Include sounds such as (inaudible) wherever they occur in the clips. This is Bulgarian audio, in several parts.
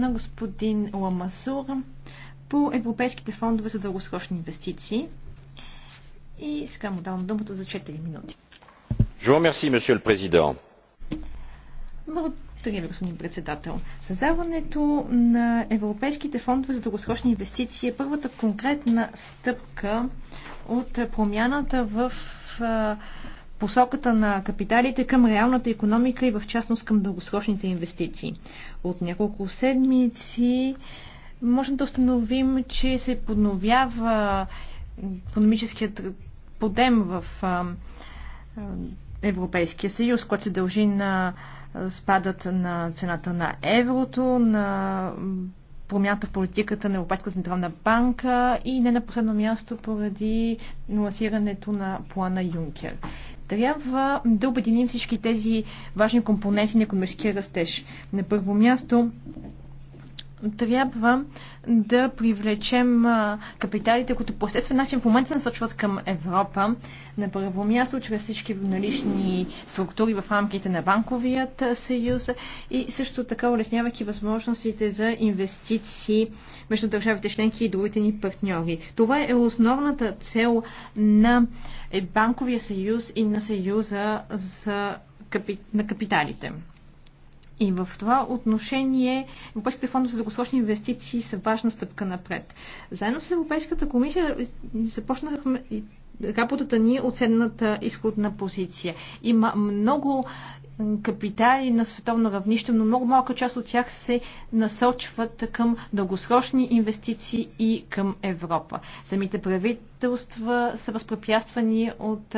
на господин Ламасур по европейските фондове за дългосрочни инвестиции. И сега му давам думата за 4 минути. Благодаря ви, господин председател. Създаването на европейските фондове за дългосрочни инвестиции е първата конкретна стъпка от промяната в посоката на капиталите към реалната економика и в частност към дългосрочните инвестиции. От няколко седмици можем да установим, че се подновява економическият подем в Европейския съюз, който се дължи на спадът на цената на еврото, на промяната в политиката на Европейската централна банка и не на последно място поради лансирането на плана Юнкер. Трябва да обединим всички тези важни компоненти на економическия растеж. На първо място трябва да привлечем капиталите, които по естествен начин в момента се насочват към Европа. На първо място, чрез всички налични структури в рамките на банковият съюз и също така улеснявайки възможностите за инвестиции между държавите членки и другите ни партньори. Това е основната цел на е, банковия съюз и на съюза за, на капиталите. И в това отношение Европейските фондове за дългосрочни инвестиции са важна стъпка напред. Заедно с Европейската комисия започнахме работата ни от седната изходна позиция. Има много капитали на световно равнище, но много малка част от тях се насочват към дългосрочни инвестиции и към Европа. Самите правителства са възпрепятствани от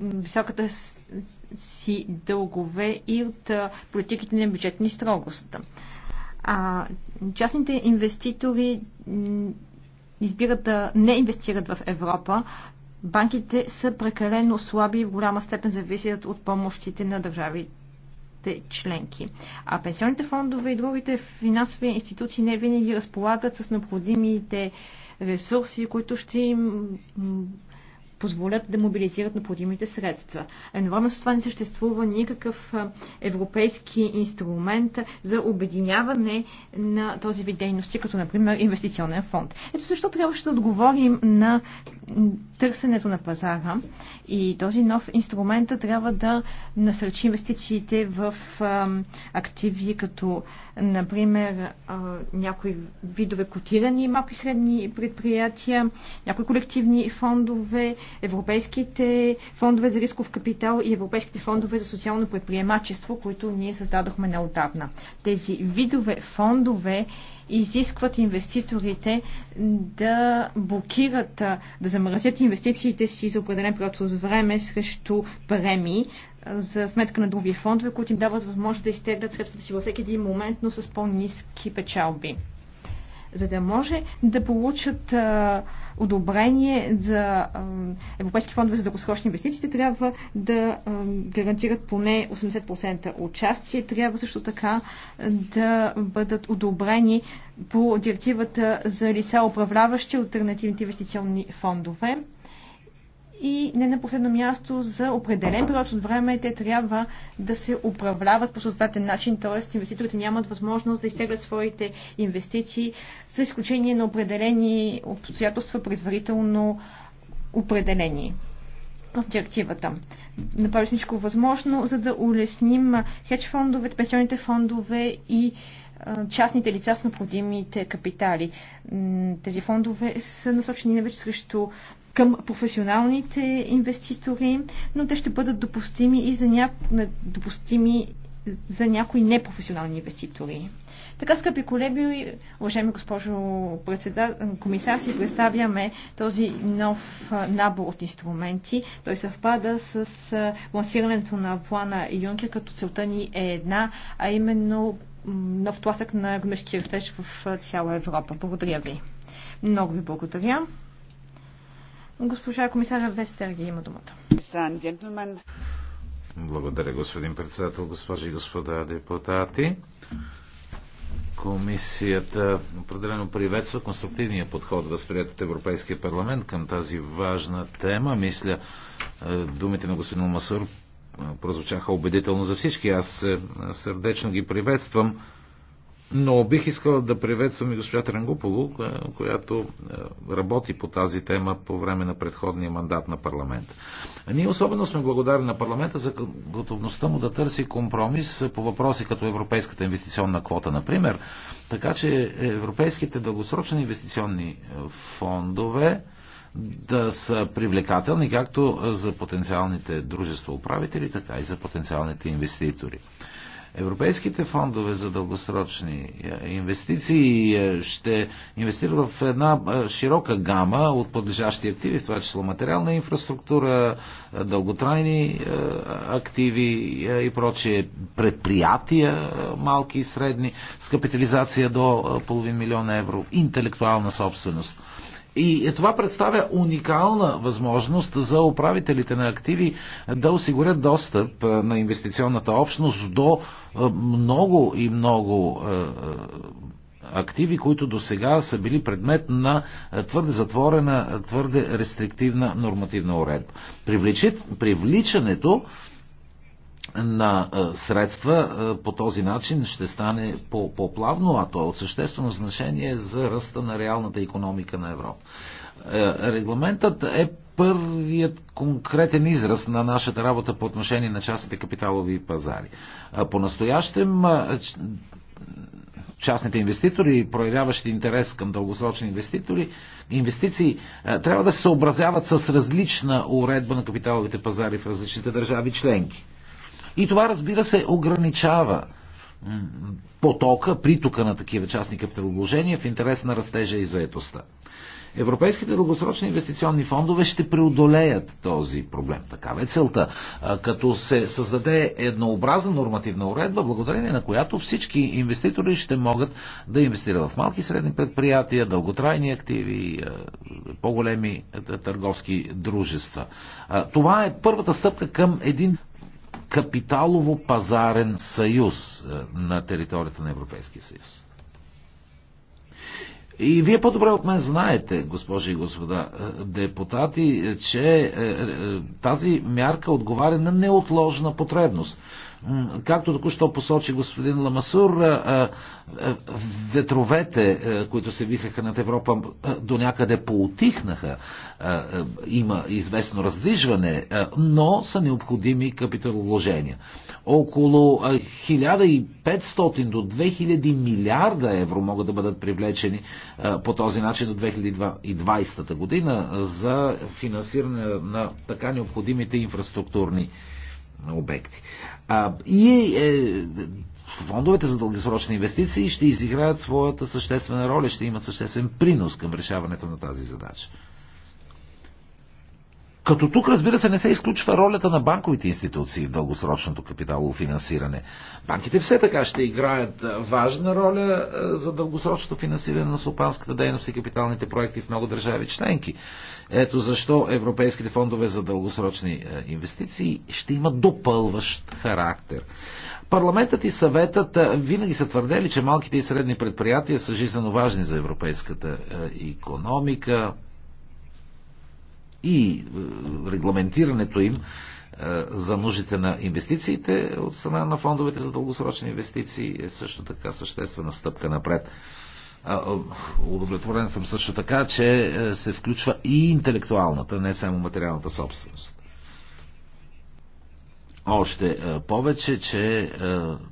високата си дългове и от политиките на бюджетни строгост. А частните инвеститори избират да не инвестират в Европа, банките са прекалено слаби и в голяма степен зависят от помощите на държавите членки. А пенсионните фондове и другите финансови институции не винаги разполагат с необходимите ресурси, които ще им позволят да мобилизират необходимите средства. Едновременно с това не съществува никакъв европейски инструмент за обединяване на този вид дейности, като например инвестиционен фонд. Ето защо трябваше да отговорим на търсенето на пазара и този нов инструмент трябва да насърчи инвестициите в активи, като например някои видове котирани малки и средни предприятия, някои колективни фондове, европейските фондове за рисков капитал и европейските фондове за социално предприемачество, които ние създадохме неотдавна. Тези видове фондове изискват инвеститорите да блокират, да замразят инвестициите си за определен период от време срещу премии за сметка на други фондове, които им дават възможност да изтеглят средствата си във всеки един момент, но с по-низки печалби за да може да получат а, одобрение за а, европейски фондове за дългосрочни инвестиции, трябва да а, гарантират поне 80% участие. Трябва също така да бъдат одобрени по директивата за лица, управляващи альтернативните инвестиционни фондове и не на последно място за определен период от време те трябва да се управляват по съответен начин, т.е. инвеститорите нямат възможност да изтеглят своите инвестиции с изключение на определени обстоятелства предварително определени в директивата. Направим всичко възможно, за да улесним хедж фондовете, пенсионните фондове и е, частните лица с необходимите капитали. Тези фондове са насочени не вече срещу към професионалните инвеститори, но те ще бъдат допустими и за, ня... допустими за някои непрофесионални инвеститори. Така, скъпи колеги, уважаеми госпожо председател, комисар, си представяме този нов набор от инструменти. Той съвпада с лансирането на плана Юнкер, като целта ни е една, а именно нов тласък на гнешки растеж в цяла Европа. Благодаря ви. Много ви благодаря. Госпожа комисаря Вестерги има думата. Благодаря, господин председател, госпожи и господа депутати. Комисията определено приветства конструктивния подход, възприят от Европейския парламент към тази важна тема. Мисля, е, думите на господин Масур е, прозвучаха убедително за всички. Аз е, сърдечно ги приветствам. Но бих искал да приветствам и госпожа Трангуполо, е, която е, работи по тази тема по време на предходния мандат на парламента. Ние особено сме благодарни на парламента за готовността му да търси компромис по въпроси като Европейската инвестиционна квота, например, така че европейските дългосрочни инвестиционни е, фондове да са привлекателни както за потенциалните дружества управители, така и за потенциалните инвеститори. Европейските фондове за дългосрочни е, инвестиции е, ще инвестира в една е, широка гама от подлежащи активи, в това число материална инфраструктура, дълготрайни активи и прочие предприятия, малки и средни, с капитализация до половин милион евро, интелектуална собственост. И това представя уникална възможност за управителите на активи да осигурят достъп е, на инвестиционната общност до е, много и много е, активи, които до сега са били предмет на твърде затворена, твърде рестриктивна нормативна уредба. Привличането на средства по този начин ще стане по-плавно, -по а то е от съществено значение за ръста на реалната економика на Европа. Е, регламентът е първият конкретен израз на нашата работа по отношение на частните капиталови пазари. По-настоящем частните инвеститори, проявяващи интерес към дългосрочни инвеститори, инвестиции трябва да се съобразяват с различна уредба на капиталовите пазари в различните държави членки. И това, разбира се, ограничава потока, притока на такива частни капиталовложения в интерес на растежа и заетостта. Европейските дългосрочни инвестиционни фондове ще преодолеят този проблем. Такава е целта. Като се създаде еднообразна нормативна уредба, благодарение на която всички инвеститори ще могат да инвестират в малки и средни предприятия, дълготрайни активи, по-големи търговски дружества. Това е първата стъпка към един капиталово-пазарен съюз е, на територията на Европейския съюз. И вие по-добре от мен знаете, госпожи и господа е, депутати, е, че тази мярка отговаря на неотложна потребност. Както току-що посочи господин Ламасур, ветровете, които се вихаха над Европа, до някъде поутихнаха. Има известно раздвижване, но са необходими капиталовложения. Около 1500 до 2000 милиарда евро могат да бъдат привлечени по този начин до 2020 година за финансиране на така необходимите инфраструктурни обекти. А, и е, фондовете за дългосрочни инвестиции ще изиграят своята съществена роля, ще имат съществен принос към решаването на тази задача. Като тук, разбира се, не се изключва ролята на банковите институции в дългосрочното капиталово финансиране. Банките все така ще играят важна роля за дългосрочното финансиране на слопанската дейност и капиталните проекти в много държави членки. Ето защо европейските фондове за дългосрочни инвестиции ще имат допълващ характер. Парламентът и съветът винаги са твърдели, че малките и средни предприятия са жизненно важни за европейската економика, и е, регламентирането им е, за нуждите на инвестициите от страна на фондовете за дългосрочни инвестиции е също така съществена стъпка напред. Е, удовлетворен съм също така, че се включва и интелектуалната, не само материалната собственост. Още повече, че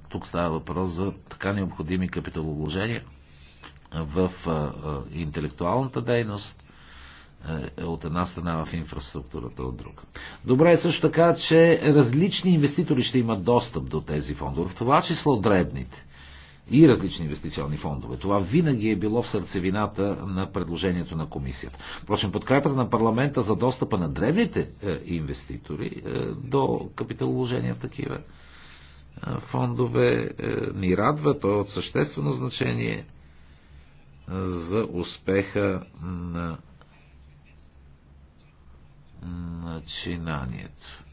тук става въпрос за така необходими капиталовложения в интелектуалната дейност, е, е, от една страна в инфраструктурата, от друга. Добре е също така, че различни инвеститори ще имат достъп до тези фондове, в това число дребните и различни инвестиционни фондове. Това винаги е било в сърцевината на предложението на комисията. Впрочем, подкрепата на парламента за достъпа на древните е, инвеститори до капиталовложения в такива фондове ни радва. То е от съществено значение за успеха на начинанието.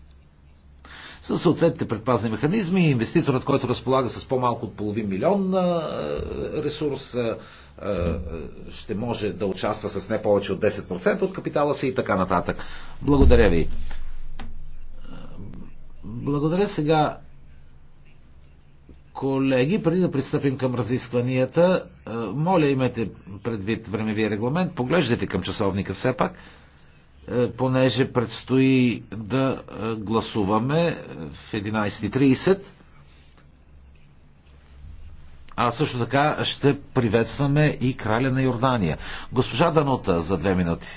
Със съответните предпазни механизми, инвеститорът, който разполага с по-малко от половин милион е, ресурс, ще може да участва с не повече от 10% от капитала си и така нататък. Благодаря ви. Благодаря сега Колеги, преди да пристъпим към разискванията, моля имайте предвид времевия регламент, поглеждайте към часовника все пак. Е, понеже предстои да е, гласуваме в 11.30. А също така ще приветстваме и краля на Йордания. Госпожа Данута за две минути.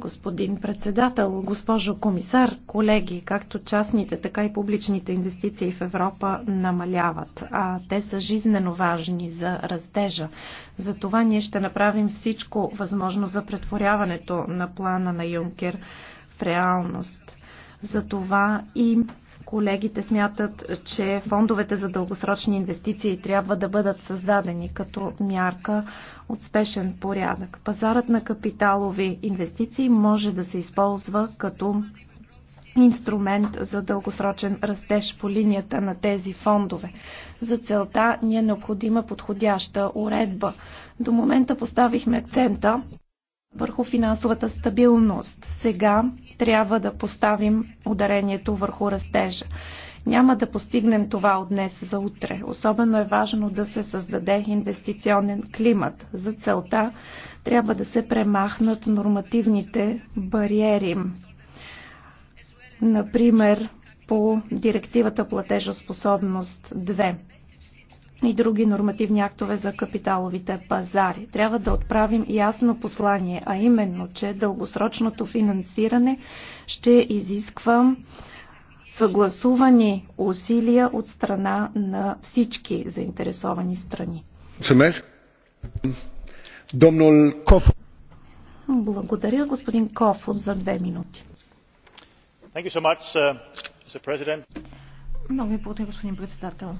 Господин председател, госпожо комисар, колеги, както частните, така и публичните инвестиции в Европа намаляват, а те са жизнено важни за растежа. Затова ние ще направим всичко възможно за претворяването на плана на Юнкер в реалност. Затова и Колегите смятат, че фондовете за дългосрочни инвестиции трябва да бъдат създадени като мярка от спешен порядък. Пазарът на капиталови инвестиции може да се използва като инструмент за дългосрочен растеж по линията на тези фондове. За целта ни е необходима подходяща уредба. До момента поставихме акцента върху финансовата стабилност. Сега трябва да поставим ударението върху растежа. Няма да постигнем това от днес за утре. Особено е важно да се създаде инвестиционен климат. За целта трябва да се премахнат нормативните бариери. Например, по директивата платежоспособност 2 и други нормативни актове за капиталовите пазари. Трябва да отправим ясно послание, а именно, че дългосрочното финансиране ще изисква съгласувани усилия от страна на всички заинтересовани страни. Благодаря, господин Кофо за две минути. Uh, Много ви благодаря, господин председател.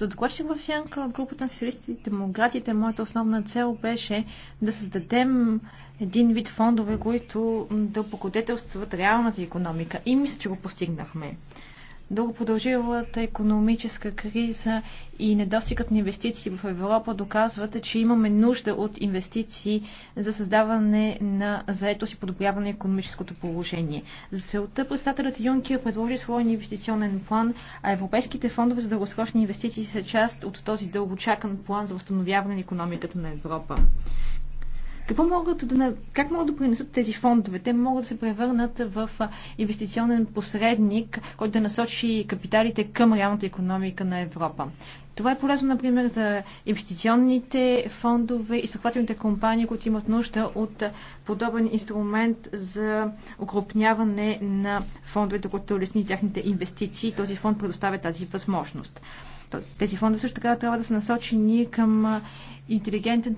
Като докладчик в сянка от групата на социалистите и демократите, моята основна цел беше да създадем един вид фондове, които да покодетелстват реалната економика. И мисля, че го постигнахме. Дълго продължилата економическа криза и недостигът на инвестиции в Европа доказват, че имаме нужда от инвестиции за създаване на заетост и подобряване на економическото положение. За целта председателят Юнкер предложи своя инвестиционен план, а европейските фондове за дългосрочни инвестиции са част от този дългочакан план за възстановяване на економиката на Европа. Какво могат да, как могат да принесат тези фондове? Те могат да се превърнат в инвестиционен посредник, който да насочи капиталите към реалната економика на Европа. Това е полезно, например, за инвестиционните фондове и съхватените компании, които имат нужда от подобен инструмент за укрупняване на фондовете, които лесни тяхните инвестиции. Този фонд предоставя тази възможност. Тези фондове също така трябва да са насочени към интелигентен,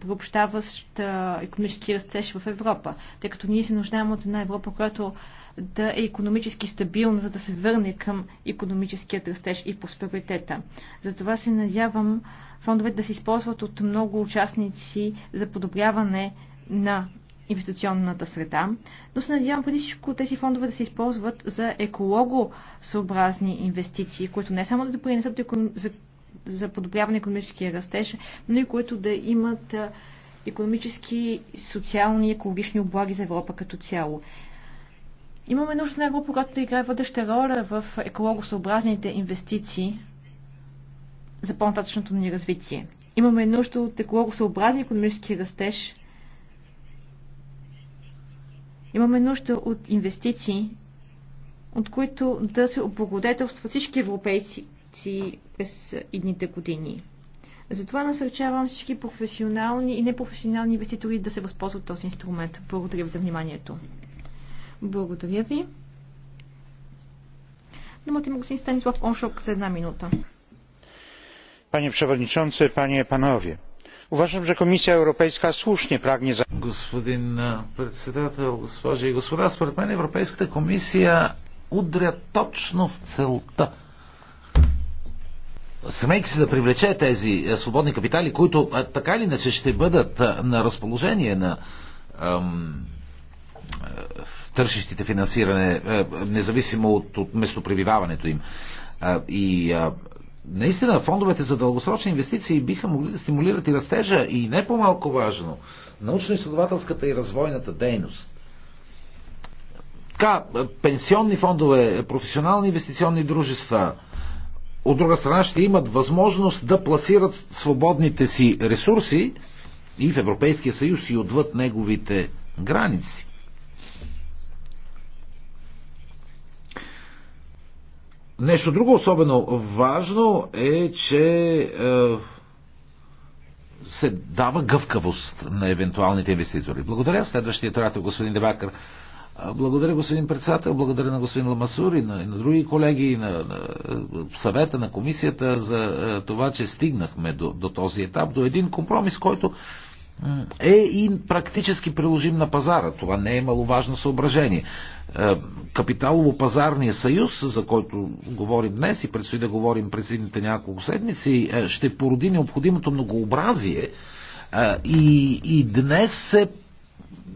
приобщаващ економически растеж в Европа, тъй като ние се нуждаем от една Европа, която да е економически стабилна, за да се върне към економическият растеж и просперитета. Затова се надявам фондовете да се използват от много участници за подобряване на инвестиционната среда, но се надявам преди всичко тези фондове да се използват за екологосъобразни инвестиции, които не само да допринесат за, подобряване на економическия растеж, но и които да имат економически, социални и екологични облаги за Европа като цяло. Имаме нужда на Европа, която да играе водеща роля в екологосъобразните инвестиции за по-нататъчното ни развитие. Имаме нужда от екологосъобразни економически растеж – Имаме нужда от инвестиции, от които да се облагодетелства всички европейци през идните години. Затова насърчавам всички професионални и непрофесионални инвеститори да се възползват този инструмент. Благодаря ви за вниманието. Благодаря ви. Думата има господин Станислав Оншок за една минута. Panie przewodniczący, panie panowie. Uważam, że Komisja Europejska słusznie pragnie... Господин e, председател, госпожи и господа, според мен Европейската комисия удря точно в целта. Стремейки се да привлече тези е, свободни капитали, които е, така или иначе ще бъдат е, на разположение на ам, търсещите финансиране, независимо от, от местопребиваването им. И наистина фондовете за дългосрочни инвестиции биха могли да стимулират и растежа и не по-малко важно, научно-изследователската и развойната дейност. Така, пенсионни фондове, професионални инвестиционни дружества, от друга страна ще имат възможност да пласират свободните си ресурси и в Европейския съюз и отвъд неговите граници. Нещо друго особено важно е, че е, се дава гъвкавост на евентуалните инвеститори. Благодаря. Следващия трябва господин Дебакър. Благодаря, господин председател, благодаря на господин Ламасур и на, и на други колеги, и на, на е, съвета, на комисията за е, това, че стигнахме до, до този етап, до един компромис, който е и практически приложим на пазара. Това не е маловажно съображение. Е, Капиталово-пазарния съюз, за който говорим днес и предстои да говорим през едните няколко седмици, е, ще породи необходимото многообразие е, и, и днес се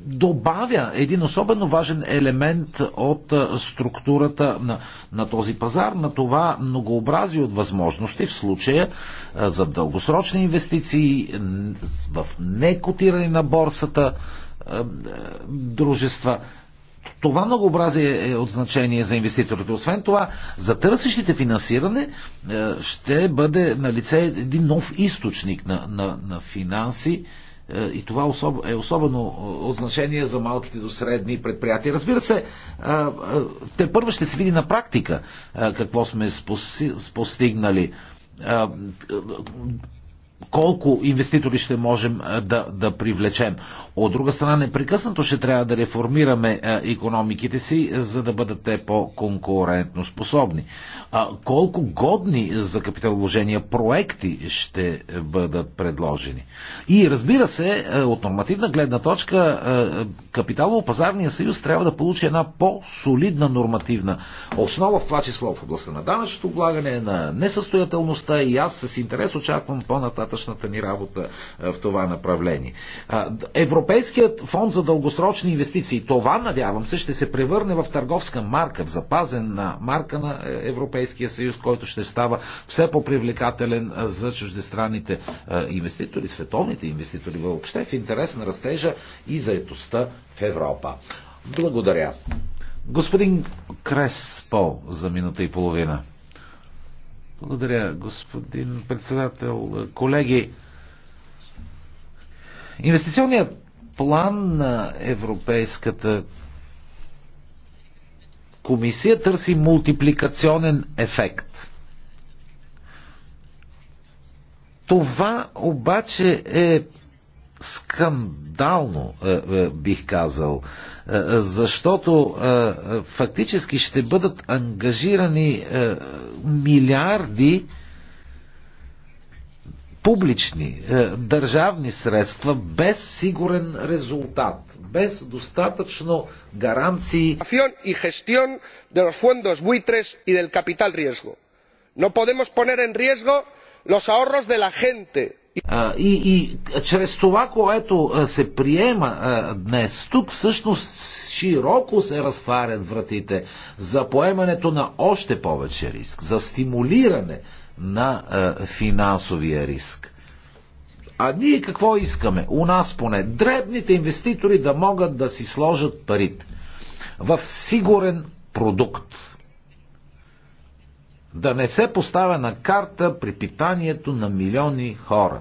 добавя един особено важен елемент от структурата на, на този пазар, на това многообразие от възможности в случая за дългосрочни инвестиции в некотирани на борсата дружества. Това многообразие е от значение за инвеститорите. Освен това, за търсещите финансиране ще бъде на лице един нов източник на, на, на финанси, е, и това е особено е, означение за малките до средни предприятия. Разбира се, е, те първо ще се види на практика какво сме постигнали колко инвеститори ще можем да, да привлечем. От друга страна, непрекъснато ще трябва да реформираме економиките си, за да бъдат те по-конкурентно способни. Колко годни за капиталовложения проекти ще бъдат предложени. И разбира се, от нормативна гледна точка, капиталово-пазарния съюз трябва да получи една по-солидна нормативна основа, в това число в областта на данъчното облагане, на несъстоятелността и аз с интерес очаквам по-нататък по ни работа е, в това направление. Европейският фонд за дългосрочни инвестиции, това надявам се ще се превърне в търговска марка, в запазена марка на е, Европейския съюз, който ще става все по-привлекателен за чуждестранните инвеститори, световните инвеститори въобще в интерес на растежа и заедостта в Европа. Благодаря. Господин Креспо за минута и половина. Благодаря, господин председател. Колеги, инвестиционният план на Европейската комисия търси мултипликационен ефект. Това обаче е скандално, е, е, бих казал, е, защото фактически ще бъдат ангажирани милиарди публични, държавни средства без сигурен резултат, без достатъчно гаранции. и gestión de los fondos buitres y del capital riesgo. No podemos poner en riesgo los ahorros de la gente, и, и чрез това, което се приема днес тук, всъщност широко се разтварят вратите за поемането на още повече риск, за стимулиране на финансовия риск. А ние какво искаме? У нас поне дребните инвеститори да могат да си сложат парите в сигурен продукт да не се поставя на карта питанието на милиони хора.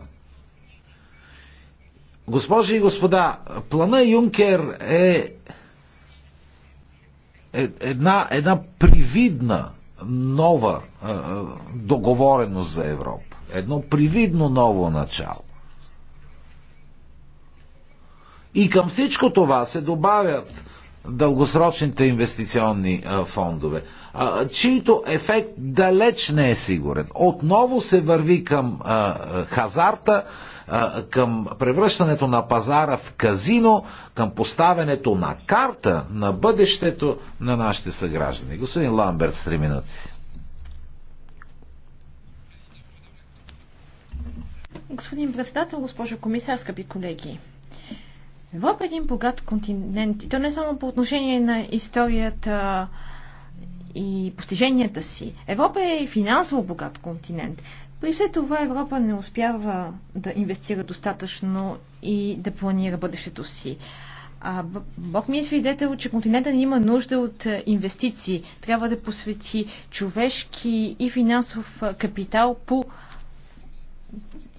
Госпожи и господа, плана Юнкер е, е една, една привидна нова е, е, договореност за Европа. Едно привидно ново начало. И към всичко това се добавят дългосрочните инвестиционни фондове, чието ефект далеч не е сигурен. Отново се върви към хазарта, към превръщането на пазара в казино, към поставянето на карта на бъдещето на нашите съграждани. Господин Ламберт, с 3 минути. Господин председател, госпожо комисар, скъпи колеги. Европа е един богат континент и то не само по отношение на историята и постиженията си. Европа е финансово богат континент. При все това Европа не успява да инвестира достатъчно и да планира бъдещето си. А Бог ми е свидетел, че континента ни има нужда от инвестиции. Трябва да посвети човешки и финансов капитал по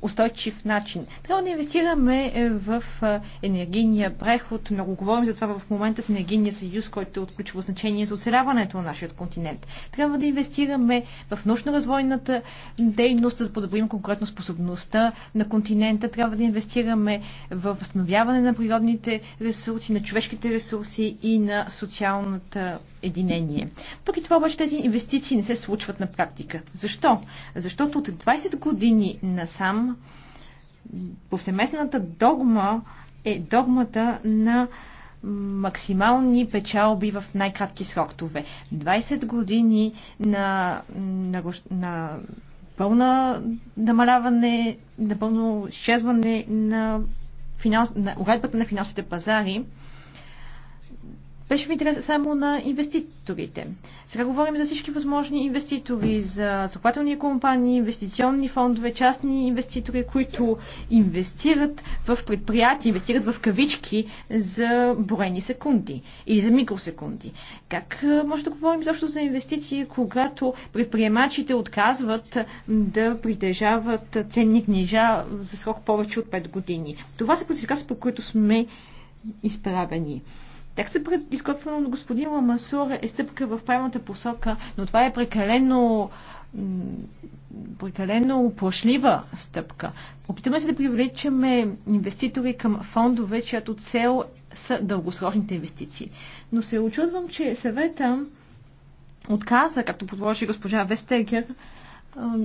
устойчив начин. Трябва да инвестираме е, в е, енергийния преход. Много говорим за това в момента с енергийния съюз, който е от ключово значение за оцеляването на нашия континент. Трябва да инвестираме в научно-развойната дейност, за да подобрим конкретно способността на континента. Трябва да инвестираме в възстановяване на природните ресурси, на човешките ресурси и на социалната единение. и това обаче тези инвестиции не се случват на практика. Защо? Защото от 20 години насам повсеместната догма е догмата на максимални печалби в най-кратки сроктове. 20 години на, на, на пълна намаляване, на пълно изчезване на, финанс, на уредбата на финансовите пазари беше ми интерес само на инвеститорите. Сега говорим за всички възможни инвеститори, за захватълни компании, инвестиционни фондове, частни инвеститори, които инвестират в предприятия, инвестират в кавички за борени секунди или за микросекунди. Как може да говорим защо за инвестиции, когато предприемачите отказват да притежават ценни книжа за срок повече от 5 години? Това са предизвикателства, по които сме изправени се пред... изготвен от господин Ламасур, е стъпка в правилната посока, но това е прекалено прекалено плашлива стъпка. Опитаме се да привличаме инвеститори към фондове, чиято цел са дългосрочните инвестиции. Но се очудвам, че съвета отказа, както подложи госпожа Вестегер,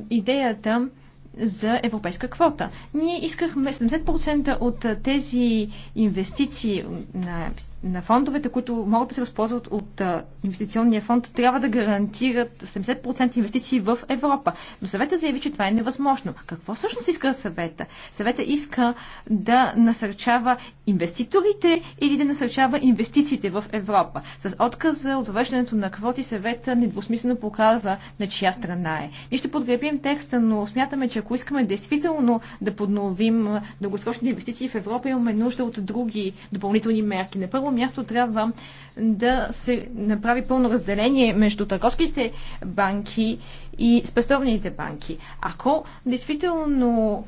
идеята за европейска квота. Ние искахме 70% от тези инвестиции на на фондовете, които могат да се възползват от инвестиционния фонд, трябва да гарантират 70% инвестиции в Европа. Но съвета заяви, че това е невъзможно. Какво всъщност иска съвета? Съвета иска да насърчава инвеститорите или да насърчава инвестициите в Европа. С отказа от въвеждането на квоти съвета недвусмислено показа на чия страна е. Ние ще подкрепим текста, но смятаме, че ако искаме действително да подновим дългосрочните инвестиции в Европа, имаме нужда от други допълнителни мерки. На първо първо място трябва да се направи пълно разделение между търговските банки и спестовните банки. Ако действително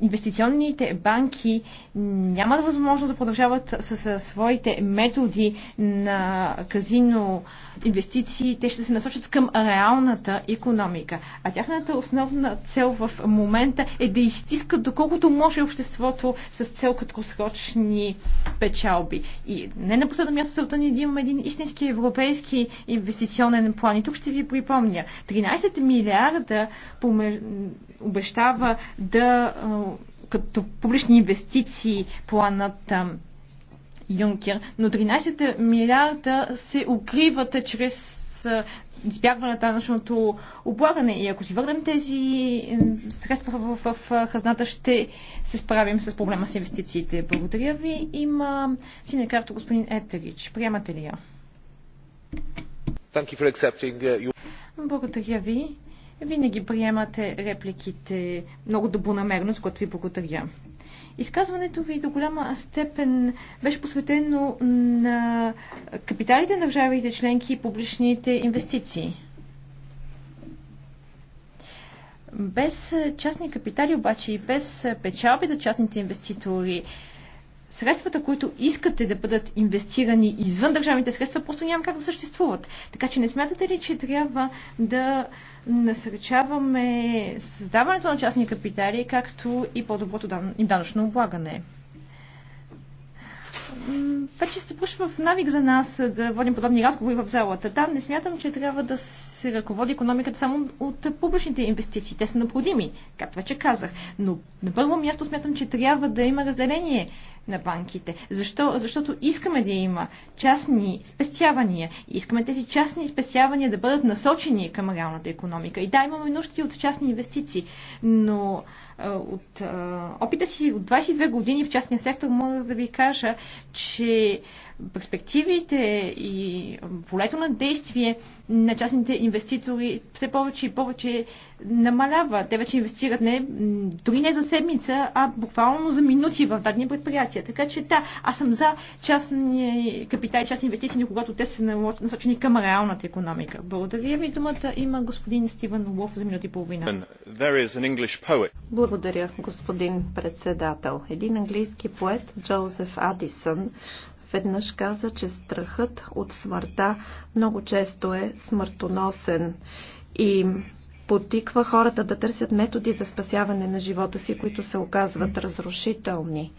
инвестиционните банки нямат възможност да продължават със своите методи на казино инвестиции, те ще се насочат към реалната економика. А тяхната основна цел в момента е да изтискат доколкото може обществото с цел краткосрочни печалби. И не на последно място целта ни е да имаме един истински европейски инвестиционен план. И тук ще ви припомня. 13 милиарда обещава да като публични инвестиции планът Юнкер, но 13 милиарда се укриват чрез избягване на данъчното облагане. И ако си върнем тези средства в, в, в хазната, ще се справим с проблема с инвестициите. Благодаря ви. Има синя карта господин Етерич. Приемате ли я? Uh, Благодаря ви винаги приемате репликите много добронамерно, с което ви благодаря. Изказването ви до голяма степен беше посветено на капиталите на държавите членки и публичните инвестиции. Без частни капитали обаче и без печалби за частните инвеститори средствата, които искате да бъдат инвестирани извън държавните средства, просто няма как да съществуват. Така че не смятате ли, че трябва да насръчаваме създаването на частни капитали, както и по-доброто им данъчно облагане? вече се пушва в навик за нас да водим подобни разговори в залата. Да, не смятам, че трябва да се ръководи економиката само от публичните инвестиции. Те са необходими, както вече казах. Но на първо място смятам, че трябва да има разделение на банките. Защо? Защото искаме да има частни спестявания. Искаме тези частни спестявания да бъдат насочени към реалната економика. И да, имаме нужда от частни инвестиции, но от опита си от 22 години в частния сектор мога да ви кажа, че перспективите и полето на действие на частните инвеститори все повече и повече намалява. Те вече инвестират не, дори не за седмица, а буквално за минути в дадени предприятия. Така че да, аз съм за частни капитали, частни инвестиции, когато те са насочени към реалната економика. Благодаря ви. Думата има господин Стивен Лов за минути и половина. Благодаря, господин председател. Един английски поет, Джозеф Адисън, Веднъж каза, че страхът от смъртта много често е смъртоносен и потиква хората да търсят методи за спасяване на живота си, които се оказват разрушителни.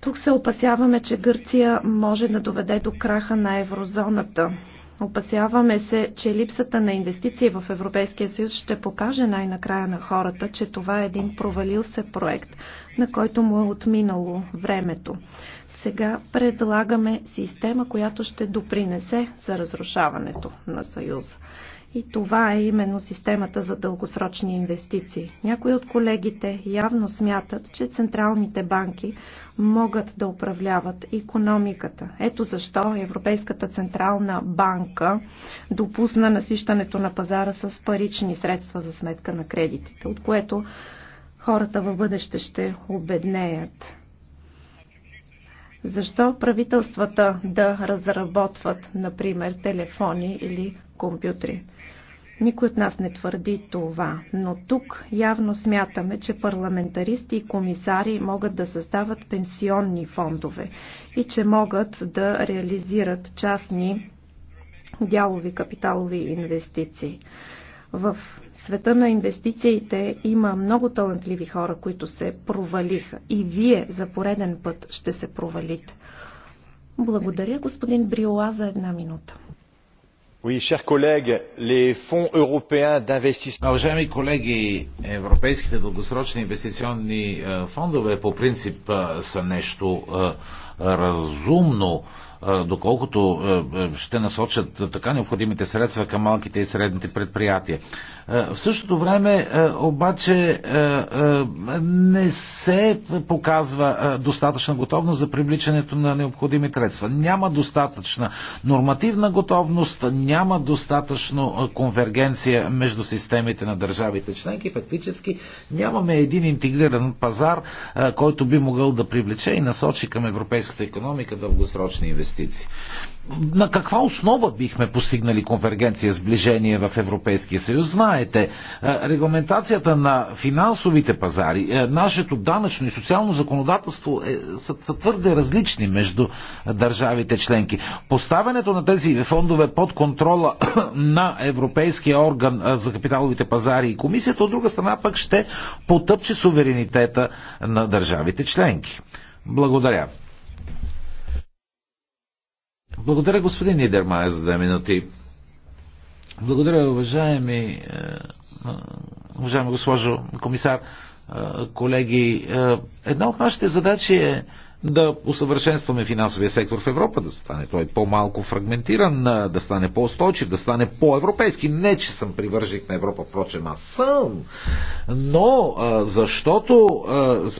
Тук се опасяваме, че Гърция може да доведе до краха на еврозоната. Опасяваме се, че липсата на инвестиции в Европейския съюз ще покаже най-накрая на хората, че това е един провалил се проект, на който му е отминало времето. Сега предлагаме система, която ще допринесе за разрушаването на Съюза. И това е именно системата за дългосрочни инвестиции. Някои от колегите явно смятат, че централните банки могат да управляват економиката. Ето защо Европейската централна банка допусна насищането на пазара с парични средства за сметка на кредитите, от което хората в бъдеще ще обеднеят. Защо правителствата да разработват, например, телефони или компютри? Никой от нас не твърди това, но тук явно смятаме, че парламентаристи и комисари могат да създават пенсионни фондове и че могат да реализират частни дялови капиталови инвестиции. В света на инвестициите има много талантливи хора, които се провалиха. И вие за пореден път ще се провалите. Благодаря, господин Бриола, за една минута. Oui, chers collègues, les fonds européens d'investissement. Уважаеми колеги, европейските дългосрочни инвестиционни фондове по принцип са нещо разумно доколкото ще насочат така необходимите средства към малките и средните предприятия. В същото време обаче не се показва достатъчна готовност за привличането на необходими средства. Няма достатъчна нормативна готовност, няма достатъчно конвергенция между системите на държавите членки. Фактически нямаме един интегриран пазар, който би могъл да привлече и насочи към европейската економика дългосрочни инвестиции инвестиции. На каква основа бихме постигнали конвергенция, сближение в Европейския съюз? Знаете, е, регламентацията на финансовите пазари, е, нашето данъчно и социално законодателство е, са, са твърде различни между държавите членки. Поставянето на тези фондове под контрола (clears throat) на Европейския орган е, за капиталовите пазари и комисията, от друга страна пък ще потъпче суверенитета на държавите членки. Благодаря. Благодаря, господин Нидермайер, за две минути. Благодаря, уважаеми, е, уважаема госпожо комисар, е, колеги. Е, една от нашите задачи е да усъвършенстваме финансовия сектор в Европа, да стане той по-малко фрагментиран, да стане по-устойчив, да стане по-европейски. Не, че съм привържник на Европа, впрочем, аз съм, но защото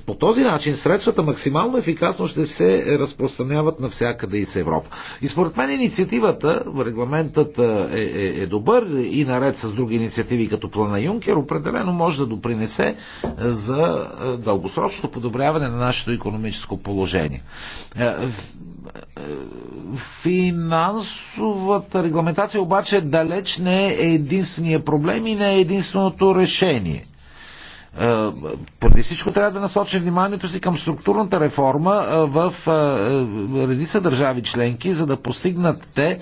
по този начин средствата максимално ефикасно ще се разпространяват навсякъде и с Европа. И според мен инициативата, регламентът е, е, е добър и наред с други инициативи като плана Юнкер, определено може да допринесе за дългосрочното подобряване на нашето економическо положение положение. Е, е, финансовата регламентация обаче далеч не е единствения проблем и не е единственото решение. Е, преди всичко трябва да насочим вниманието си към структурната реформа в редица държави членки, за да постигнат те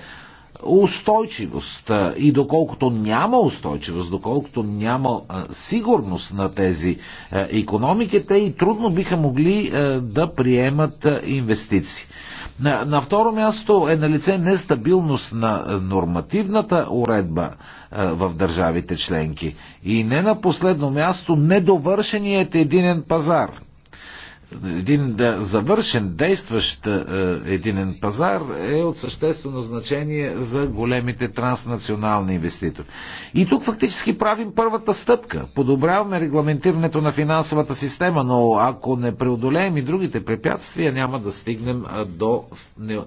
устойчивост. И доколкото няма устойчивост, доколкото няма сигурност на тези економики, те и трудно биха могли да приемат инвестиции. На, на второ място е на лице нестабилност на нормативната уредба в държавите членки. И не на последно място недовършеният единен пазар – един завършен, действащ е, единен пазар е от съществено значение за големите транснационални инвеститори. И тук фактически правим първата стъпка. Подобряваме регламентирането на финансовата система, но ако не преодолеем и другите препятствия, няма да стигнем е, до, не, е,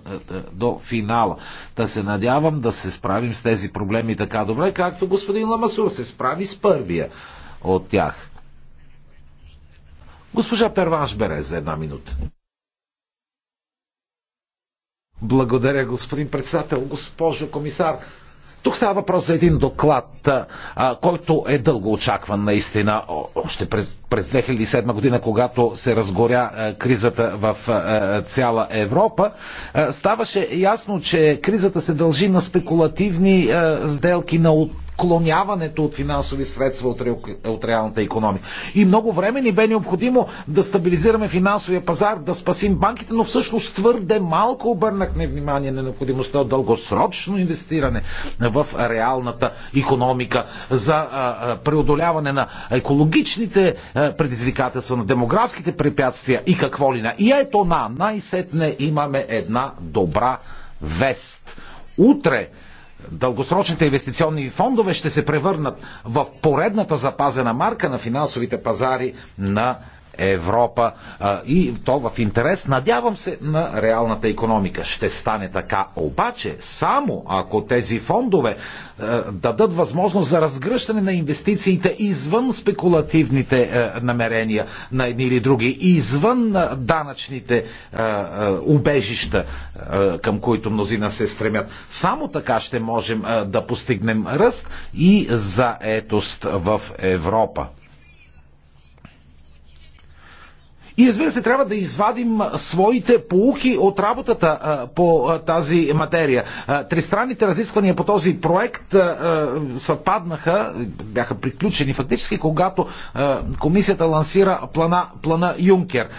до финала. Та се надявам да се справим с тези проблеми така добре, както господин Ламасур се справи с първия от тях. Госпожа Перваш, Бере за една минута. Благодаря, господин председател, госпожо комисар. Тук става въпрос за един доклад, а, който е дълго очакван наистина, още през, през 2007 година, когато се разгоря а, кризата в а, цяла Европа. А, ставаше ясно, че кризата се дължи на спекулативни а, сделки, на отклоняването от финансови средства от, ре, от реалната економика. И много време ни бе необходимо да стабилизираме финансовия пазар, да спасим банките, но всъщност твърде малко обърнахме внимание на необходимостта от дългосрочно инвестиране в реалната економика за преодоляване на екологичните предизвикателства, на демографските препятствия и какво ли не. И ето на най-сетне имаме една добра вест. Утре дългосрочните инвестиционни фондове ще се превърнат в поредната запазена марка на финансовите пазари на Европа и то в интерес, надявам се, на реалната економика. Ще стане така обаче само ако тези фондове дадат възможност за разгръщане на инвестициите извън спекулативните намерения на едни или други, извън данъчните убежища, към които мнозина се стремят. Само така ще можем да постигнем ръст и заетост в Европа. И разбира се, трябва да извадим своите поуки от работата по тази материя. Тристранните разисквания по този проект съпаднаха, бяха приключени фактически, когато комисията лансира плана, плана Юнкер.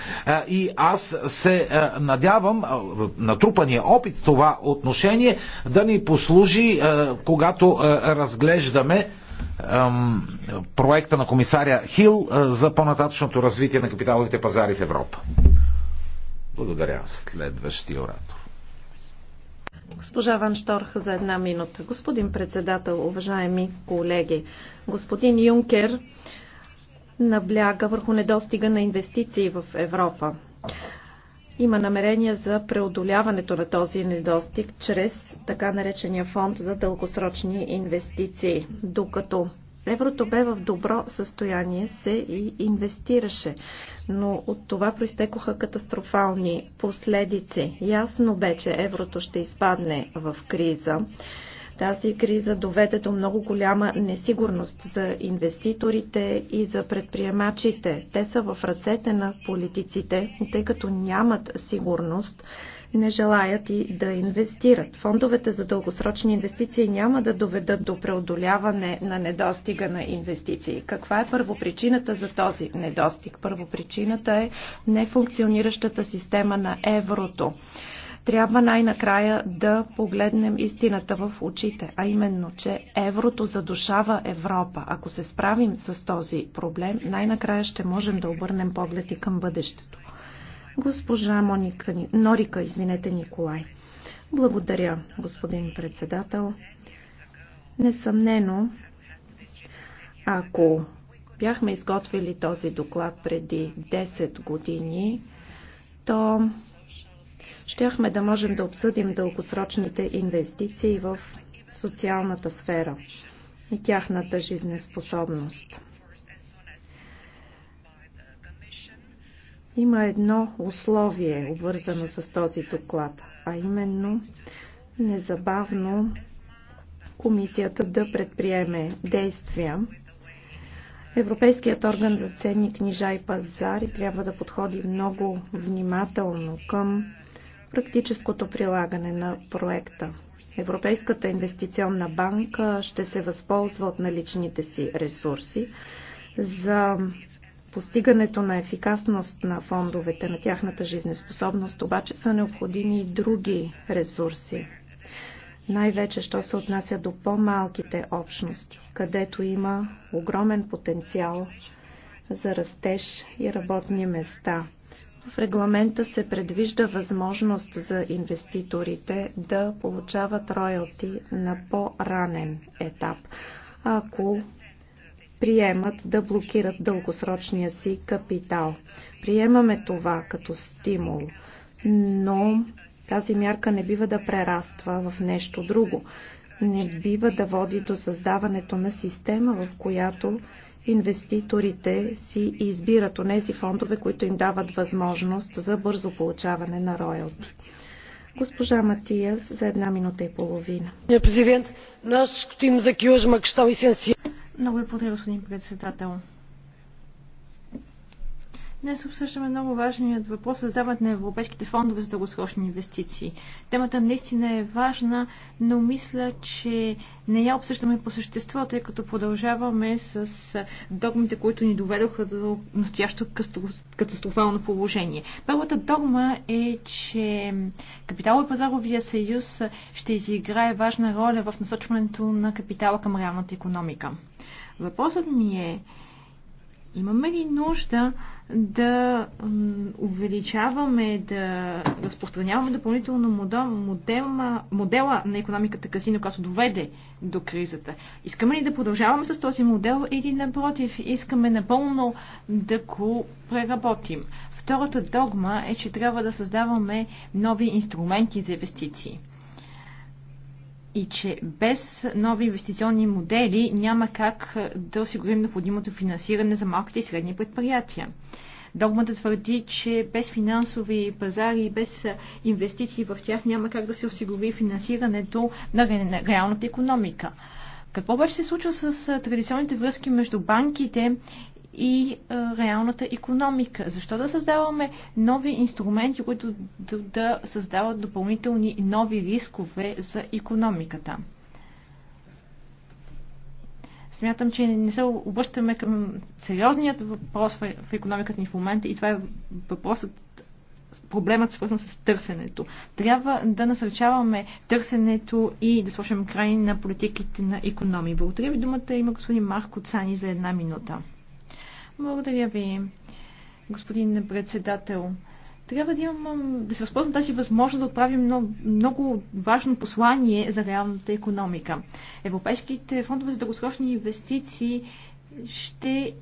И аз се надявам натрупания опит в това отношение да ни послужи, когато разглеждаме проекта на комисаря Хил за по-нататъчното развитие на капиталовите пазари в Европа. Благодаря. Следващия оратор. Госпожа Ван Шторх за една минута. Господин председател, уважаеми колеги, господин Юнкер набляга върху недостига на инвестиции в Европа. Има намерение за преодоляването на този недостиг чрез така наречения фонд за дългосрочни инвестиции. Докато Еврото бе в добро състояние, се и инвестираше, но от това проистекоха катастрофални последици. Ясно бе, че еврото ще изпадне в криза. Тази криза доведе до много голяма несигурност за инвеститорите и за предприемачите. Те са в ръцете на политиците, тъй като нямат сигурност, не желаят и да инвестират. Фондовете за дългосрочни инвестиции няма да доведат до преодоляване на недостига на инвестиции. Каква е първопричината за този недостиг? Първопричината е нефункциониращата система на еврото трябва най-накрая да погледнем истината в очите, а именно, че еврото задушава Европа. Ако се справим с този проблем, най-накрая ще можем да обърнем поглед и към бъдещето. Госпожа Моника, Норика, извинете, Николай. Благодаря, господин председател. Несъмнено, ако бяхме изготвили този доклад преди 10 години, то щяхме да можем да обсъдим дългосрочните инвестиции в социалната сфера и тяхната жизнеспособност. Има едно условие, обвързано с този доклад, а именно незабавно комисията да предприеме действия. Европейският орган за ценни книжа и пазари трябва да подходи много внимателно към практическото прилагане на проекта. Европейската инвестиционна банка ще се възползва от наличните си ресурси за постигането на ефикасност на фондовете, на тяхната жизнеспособност, обаче са необходими и други ресурси. Най-вече, що се отнася до по-малките общности, където има огромен потенциал за растеж и работни места – в регламента се предвижда възможност за инвеститорите да получават роялти на по-ранен етап, ако приемат да блокират дългосрочния си капитал. Приемаме това като стимул, но тази мярка не бива да прераства в нещо друго. Не бива да води до създаването на система, в която инвеститорите си избират онези фондове, които им дават възможност за бързо получаване на роялти. Госпожа Матиас за една минута и половина. Президент, за Много е благодаря, господин председател. Днес обсъждаме много важният въпрос задават на европейските фондове за дългосрочни инвестиции. Темата наистина е важна, но мисля, че не я обсъждаме по същество, тъй като продължаваме с догмите, които ни доведоха до настоящо катастрофално положение. Първата догма е, че капиталът пазаровия съюз ще изиграе важна роля в насочването на капитала към реалната економика. Въпросът ми е, Имаме ли нужда да увеличаваме, да разпространяваме допълнително модел, модела, модела на економиката казино, която доведе до кризата? Искаме ли да продължаваме с този модел или напротив, искаме напълно да го преработим? Втората догма е, че трябва да създаваме нови инструменти за инвестиции и че без нови инвестиционни модели няма как да осигурим необходимото финансиране за малките и средни предприятия. Догмата твърди, че без финансови пазари и без инвестиции в тях няма как да се осигури финансирането на реалната економика. Какво беше се случва с традиционните връзки между банките и а, е, реалната економика. Защо да създаваме нови инструменти, които да, да създават допълнителни нови рискове за економиката? Смятам, че не се обръщаме към сериозният въпрос в економиката ни в момента и това е въпросът проблемът свързан с търсенето. Трябва да насърчаваме търсенето и да сложим край на политиките на економии. Благодаря ви думата има господин Марко Цани за една минута. Благодаря ви, господин председател. Трябва да имам, да се възползвам тази възможност да отправим много, много важно послание за реалната економика. Европейските фондове за дългосрочни инвестиции ще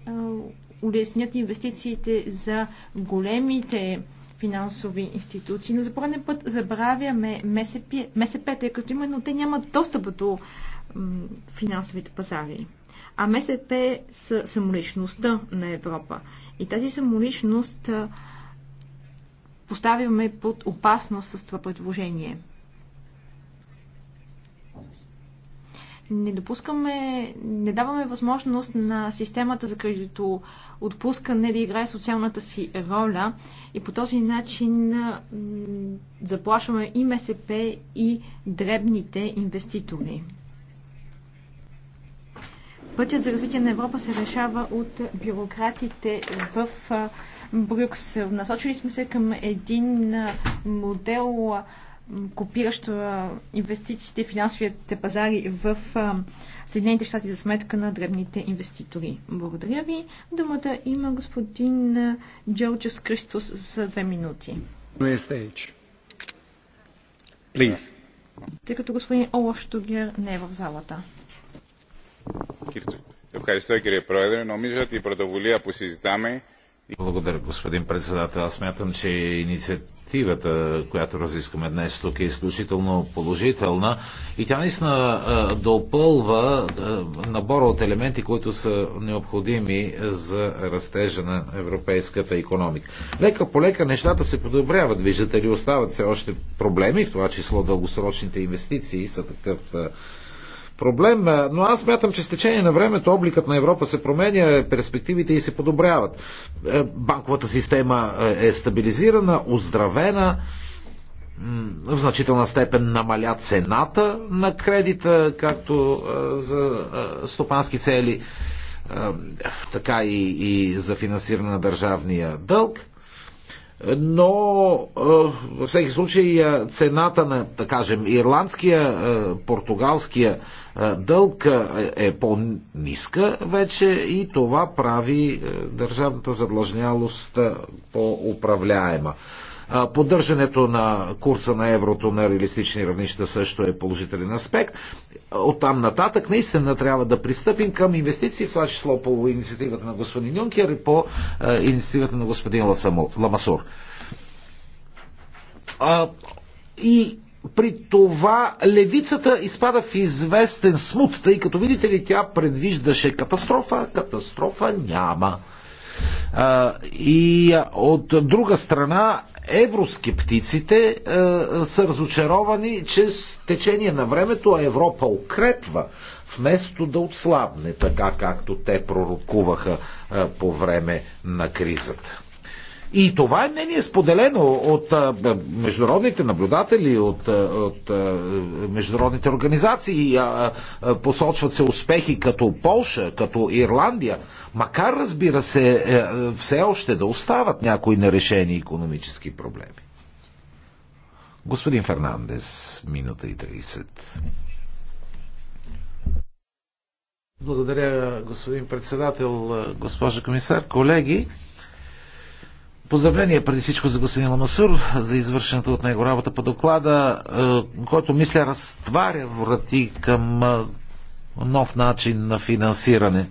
улеснят инвестициите за големите финансови институции, но за пореден път забравяме МСП, МСП, тъй като именно те нямат достъп до финансовите пазари а МСП са самоличността на Европа. И тази самоличност поставяме под опасност с това предложение. не допускаме, не даваме възможност на системата за кредито отпускане да играе социалната си роля и по този начин заплашваме и МСП и дребните инвеститори пътят за развитие на Европа се решава от бюрократите в Брюксел. Насочили сме се към един модел, копиращ инвестициите в финансовите пазари в Съединените щати за сметка на дребните инвеститори. Благодаря ви. Думата има господин Джорджес Кристос за две минути. Тъй като господин Олаф Штугер не е в залата. Благодаря, господин председател. Аз смятам, че инициативата, която разискваме днес тук е изключително положителна и тя наистина допълва набора от елементи, които са необходими за растежа на европейската економика. Лека по лека нещата се подобряват, виждате ли, остават все още проблеми, в това число дългосрочните инвестиции са такъв проблем, но аз мятам, че с течение на времето обликът на Европа се променя, перспективите и се подобряват. Е, банковата система е, е стабилизирана, оздравена, в значителна степен намаля цената на кредита, както е, за стопански цели, така и, и за финансиране на държавния дълг – но във всеки случай цената на, да кажем, ирландския, португалския дълг е по-ниска вече и това прави държавната задлъжнялост по-управляема. Поддържането на курса на еврото на реалистични равнища също е положителен аспект. От там нататък наистина трябва да пристъпим към инвестиции, в това число по инициативата на господин Юнкер и по инициативата на господин Ламасур. И при това левицата изпада в известен смут, тъй като видите ли тя предвиждаше катастрофа, катастрофа няма. И от друга страна, евроскептиците са разочаровани, че с течение на времето Европа укрепва, вместо да отслабне, така както те пророкуваха по време на кризата. И това е мнение споделено от международните наблюдатели, от, от международните организации. Посочват се успехи като Полша, като Ирландия. Макар, разбира се, е, е, все още да остават някои нерешени економически проблеми. Господин Фернандес, минута и 30. Благодаря, господин председател, госпожа комисар, колеги. Поздравление преди всичко за господин Ламасур, за извършената от него работа по доклада, е, който мисля разтваря врати към е, нов начин на финансиране.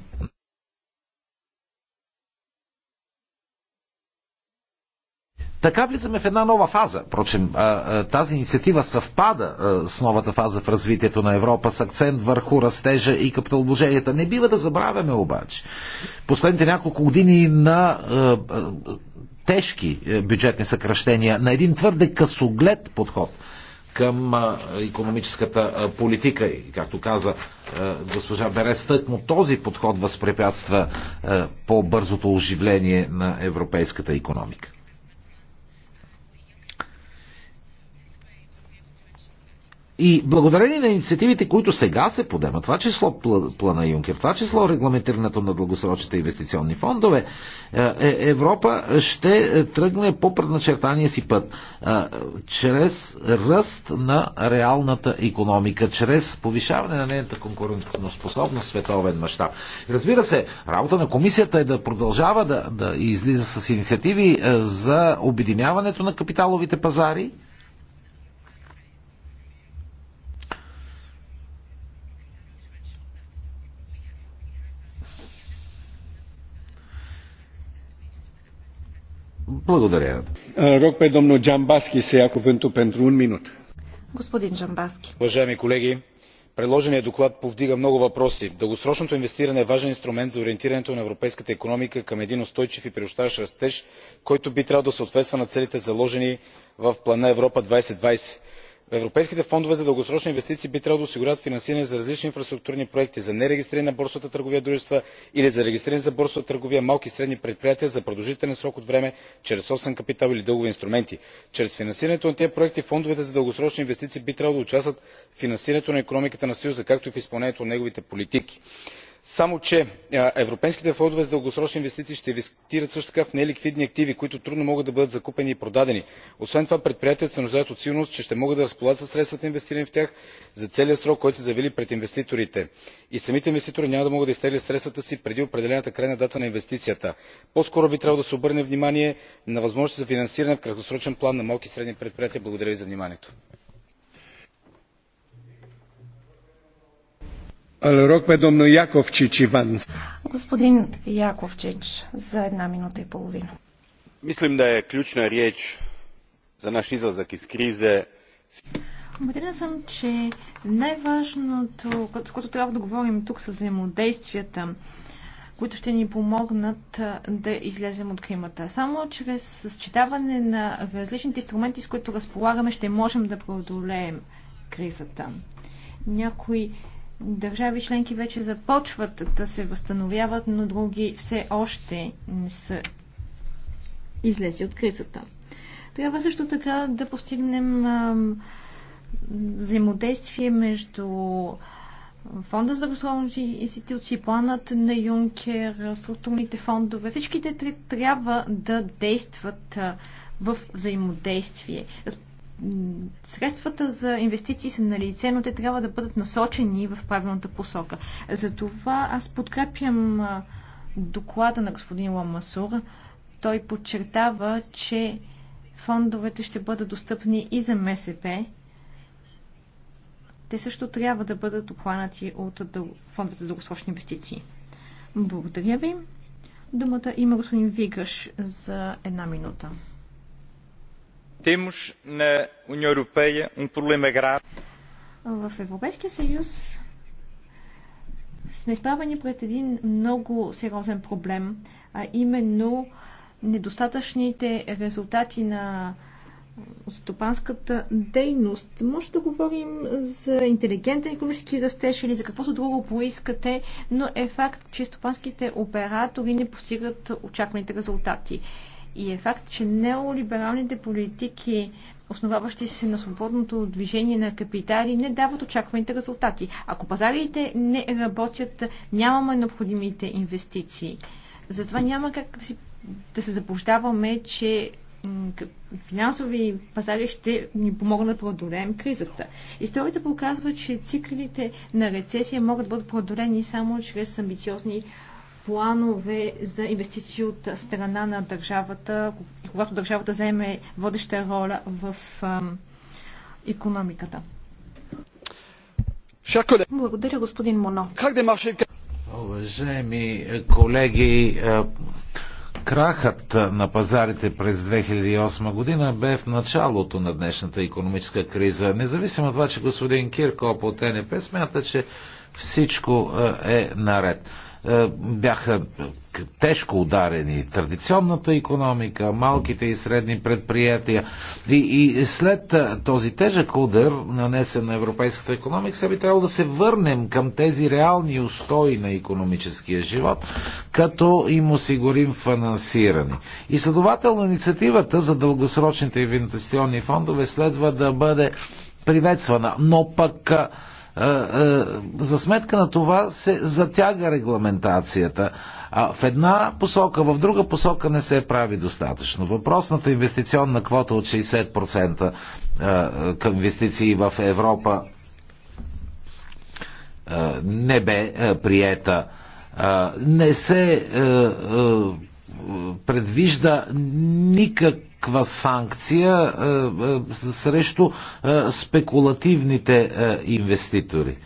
Така влизаме в една нова фаза. Впрочем, е, тази инициатива съвпада с новата фаза в развитието на Европа с акцент върху растежа и капиталовложенията. Не бива да забравяме обаче последните няколко години на тежки е, бюджетни съкръщения, на един твърде късоглед подход към економическата политика. И както каза госпожа Берес, му, този подход възпрепятства по-бързото оживление на европейската економика. И благодарение на инициативите, които сега се подемат, това число плана Юнкер, това число регламентирането на дългосрочните инвестиционни фондове, е, е, Европа ще е, тръгне по предначертания си път чрез ръст на реалната економика, чрез повишаване на нейната конкурентоспособност в световен мащаб. Разбира се, работа на комисията е да продължава да, да излиза с инициативи за обединяването на капиталовите пазари, Благодаря. Е, рок пе домно Джамбаски се я cuvântul pentru un minut. Господин Джамбаски. Уважаеми колеги, предложеният доклад повдига много въпроси. дългосрочното инвестиране е важен инструмент за ориентирането на европейската економика към един устойчив и приобщаващ растеж който би трябвало да съответства на целите заложени в плана европа две хиляди европейските фондове за дългосрочни инвестиции би трябвало да осигуряват финансиране за различни инфраструктурни проекти за нерегистрирани на борсата търговия дружества или за регистрирани за борсова търговия малки и средни предприятия за продължителен срок от време чрез собствен капитал или дългови инструменти. чрез финансирането на тези проекти фондовете за дългосрочни инвестиции би трябвало да участват в финансирането на икономиката на съюза както и в изпълнението на неговите политики само че европейските фондове за дългосрочни инвестиции ще инвестират също така в неликвидни активи които трудно могат да бъдат закупени и продадени. освен това предприятията се нуждаят от сигурност че ще могат да разполагат със средствата инвестирани в тях за целия срок който са заявили пред инвеститорите и самите инвеститори няма да могат да изтеглят средствата си преди определената крайна дата на инвестицията. по скоро би трябвало да се обърне внимание на възможностите за финансиране в краткосрочен план на малки и средни предприятия. благодаря ви за вниманието. Господин Яковчич, за една минута и половина. Мислим да е ключна реч за наш излазък из кризе. Убедена съм, че най-важното, с което трябва да говорим тук, са взаимодействията, които ще ни помогнат да излезем от климата. Само чрез съчетаване на различните инструменти, с които разполагаме, ще можем да преодолеем кризата. Някои държави членки вече започват да се възстановяват, но други все още не са излезли от кризата. Трябва също така да постигнем взаимодействие между Фонда за здравословни институции, планът на Юнкер, структурните фондове, всичките три трябва да действат в взаимодействие средствата за инвестиции са на лице, но те трябва да бъдат насочени в правилната посока. Затова аз подкрепям доклада на господин Ламасур. Той подчертава, че фондовете ще бъдат достъпни и за МСП. Те също трябва да бъдат обхванати от фондовете за дългосрочни инвестиции. Благодаря ви. Думата има господин Вигаш за една минута. Temos na União Europeia um problema grave. В Европейския съюз сме изправени пред един много сериозен проблем, а именно недостатъчните резултати на стопанската дейност. Може да говорим за интелигентен економически растеж или за каквото друго поискате, но е факт, че стопанските оператори не постигат очакваните резултати. И е факт, че неолибералните политики, основаващи се на свободното движение на капитали, не дават очакваните резултати. Ако пазарите не работят, нямаме необходимите инвестиции. Затова няма как да, си, да се заблуждаваме, че финансови пазари ще ни помогнат да преодолеем кризата. Историята показва, че циклите на рецесия могат да бъдат преодолени само чрез амбициозни планове за инвестиции от страна на държавата, когато държавата заеме водеща роля в економиката. Благодаря, господин Моно. Уважаеми е, колеги, е, крахът на пазарите през 2008 година бе в началото на днешната економическа криза. Независимо от това, че господин Кирко от НП смята, че всичко е, е наред. Е, бяха тежко ударени традиционната економика, малките и средни предприятия. И, и след е, този тежък удар, нанесен на европейската економика, сега би трябвало да се върнем към тези реални устои на економическия живот, като им осигурим финансиране. И следователно инициативата за дългосрочните инвестиционни фондове следва да бъде приветствана. Но пък е, е, е, за сметка на това се затяга регламентацията. А в една посока, в друга посока не се прави достатъчно. Въпросната инвестиционна квота от 60% е, към инвестиции в Европа не бе приета. Не се предвижда никак някаква санкция е, е, срещу е, спекулативните инвеститори.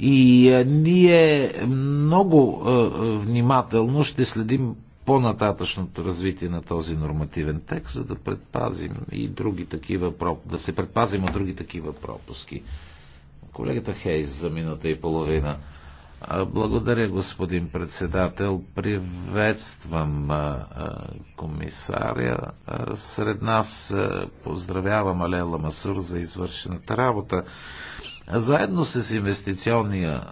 И ние много внимателно ще следим по-нататъчното развитие на този нормативен текст, за да предпазим и други такива пропуски, да се предпазим от други такива пропуски. Колегата Хейс за минута и половина. Благодаря, господин председател. Приветствам комисаря сред нас. Поздравявам Алела Масур за извършената работа. Заедно с инвестиционния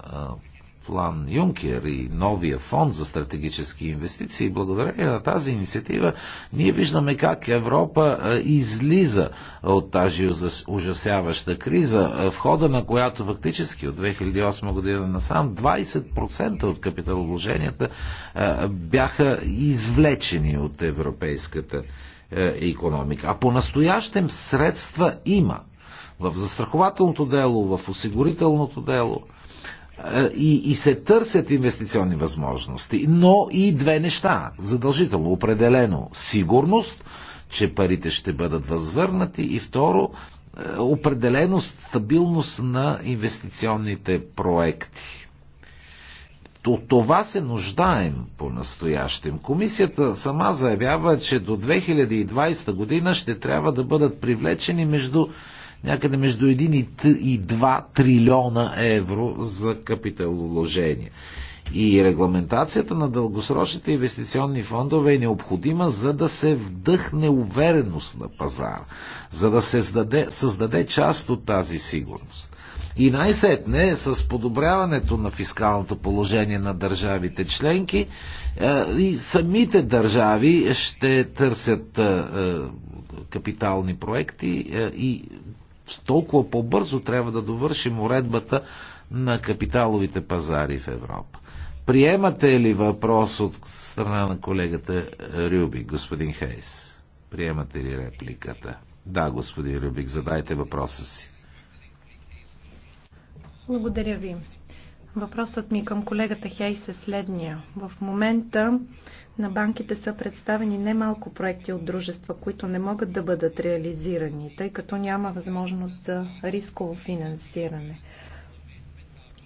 план Юнкер и новия фонд за стратегически инвестиции, благодарение на тази инициатива, ние виждаме как Европа излиза от тази ужасяваща криза, в хода на която фактически от 2008 година насам 20% от капиталовложенията бяха извлечени от европейската економика. А по-настоящем средства има. В застрахователното дело, в осигурителното дело – е, и, и се търсят инвестиционни възможности. Но и две неща. Задължително, определено сигурност, че парите ще бъдат възвърнати и второ, е, определено стабилност на инвестиционните проекти. От това се нуждаем по-настоящем. Комисията сама заявява, че до 2020 година ще трябва да бъдат привлечени между някъде между 1 и 2 трилиона евро за капиталовложение. И регламентацията на дългосрочните инвестиционни фондове е необходима, за да се вдъхне увереност на пазара, за да се създаде, създаде част от тази сигурност. И най-сетне, с подобряването на фискалното положение на държавите членки, е, и самите държави ще търсят е, е, капитални проекти и толкова по-бързо трябва да довършим уредбата на капиталовите пазари в Европа. Приемате ли въпрос от страна на колегата Рюби, господин Хейс? Приемате ли репликата? Да, господин Рюбик, задайте въпроса си. Благодаря ви. Въпросът ми към колегата Хейс е следния. В момента на банките са представени немалко проекти от дружества, които не могат да бъдат реализирани, тъй като няма възможност за рисково финансиране.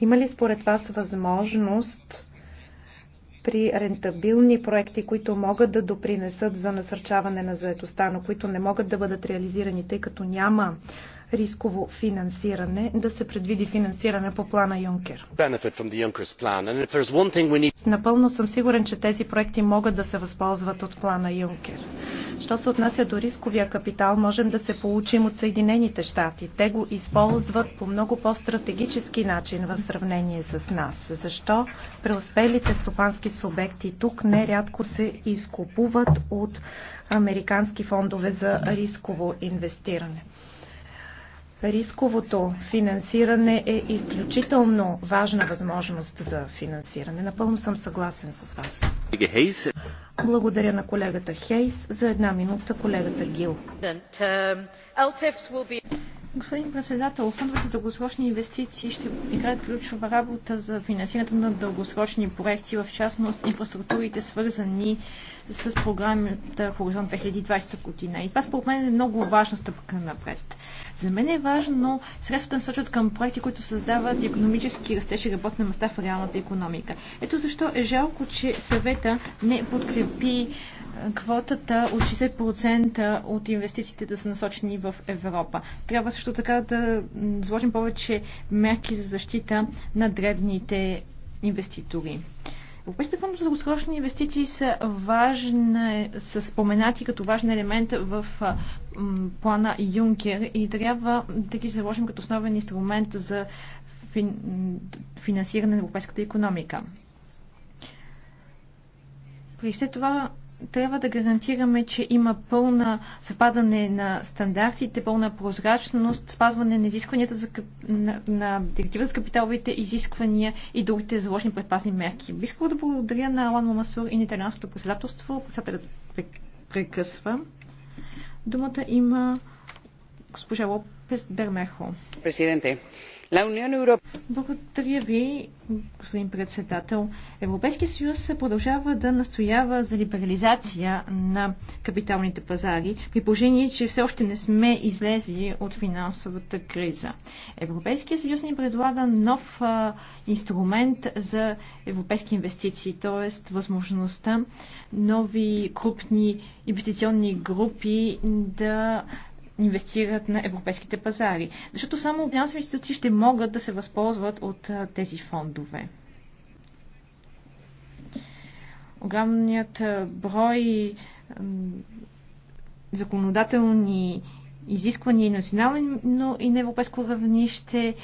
Има ли според вас възможност при рентабилни проекти, които могат да допринесат за насърчаване на заетостта, но които не могат да бъдат реализирани, тъй като няма рисково финансиране, да се предвиди финансиране по плана Юнкер. Напълно съм сигурен, че тези проекти могат да се възползват от плана Юнкер. Що се отнася до рисковия капитал, можем да се получим от Съединените щати. Те го използват по много по-стратегически начин в сравнение с нас. Защо преуспелите стопански субекти тук нерядко се изкупуват от американски фондове за рисково инвестиране? Рисковото финансиране е изключително важна възможност за финансиране. Напълно съм съгласен с вас. Благодаря на колегата Хейс. За една минута колегата Гил. Господин председател, фондовете за дългосрочни инвестиции ще играят ключова работа за финансирането на дългосрочни проекти, в частност инфраструктурите, свързани с програмата Хоризонт 2020 година. И това според мен е много важна стъпка напред. За мен е важно средствата насочат към проекти, които създават економически растеж и работни места в реалната економика. Ето защо е жалко, че съвета не подкрепи квотата от 60% от инвестициите да са насочени в Европа. Трябва също така да заложим повече мерки за защита на дребните инвеститори. Европейските фондове за дългосрочни инвестиции са важни, са споменати като важен елемент в плана Юнкер и трябва да ги заложим като основен инструмент за финансиране на европейската економика. При все това трябва да гарантираме, че има пълна съпадане на стандартите, пълна прозрачност, спазване на изискванията за, на, на директива за капиталовите изисквания и другите заложни предпазни мерки. Искам да благодаря на Алан Мамасур и на италианското председателство. Председателят прекъсва. Думата има госпожа Лопес Бермехо. Президенте, благодаря ви, господин председател. Европейския съюз продължава да настоява за либерализация на капиталните пазари, при положение, че все още не сме излезли от финансовата криза. Европейския съюз ни предлага нов а, инструмент за европейски инвестиции, т.е. възможността нови крупни инвестиционни групи да инвестират на европейските пазари. Защото само финансови институции ще могат да се възползват от тези фондове. Огромният брой законодателни изисквания и национално и на европейско равнище,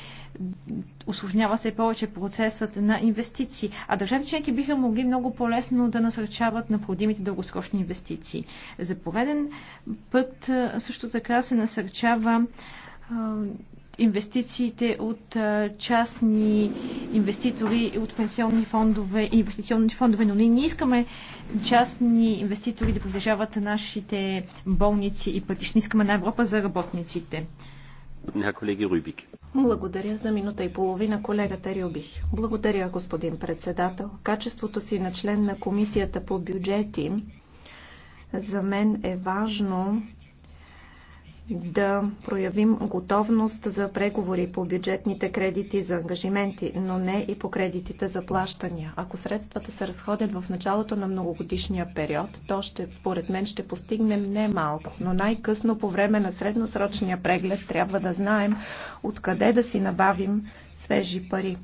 осложнява се повече процесът на инвестиции, а държавите членки биха могли много по-лесно да насърчават необходимите дългосрочни инвестиции. За пореден път също така се насърчава инвестициите от частни инвеститори, от пенсионни фондове и инвестиционни фондове, но ние не искаме частни инвеститори да продължават нашите болници и пътища. Искаме на Европа за работниците. Колеги Благодаря за минута и половина колегата Рюбих. Благодаря, господин председател. Качеството си на член на Комисията по бюджети за мен е важно да проявим готовност за преговори по бюджетните кредити за ангажименти, но не и по кредитите за плащания. Ако средствата се разходят в началото на многогодишния период, то ще, според мен ще постигнем не малко, но най-късно по време на средносрочния преглед трябва да знаем откъде да си набавим свежи пари.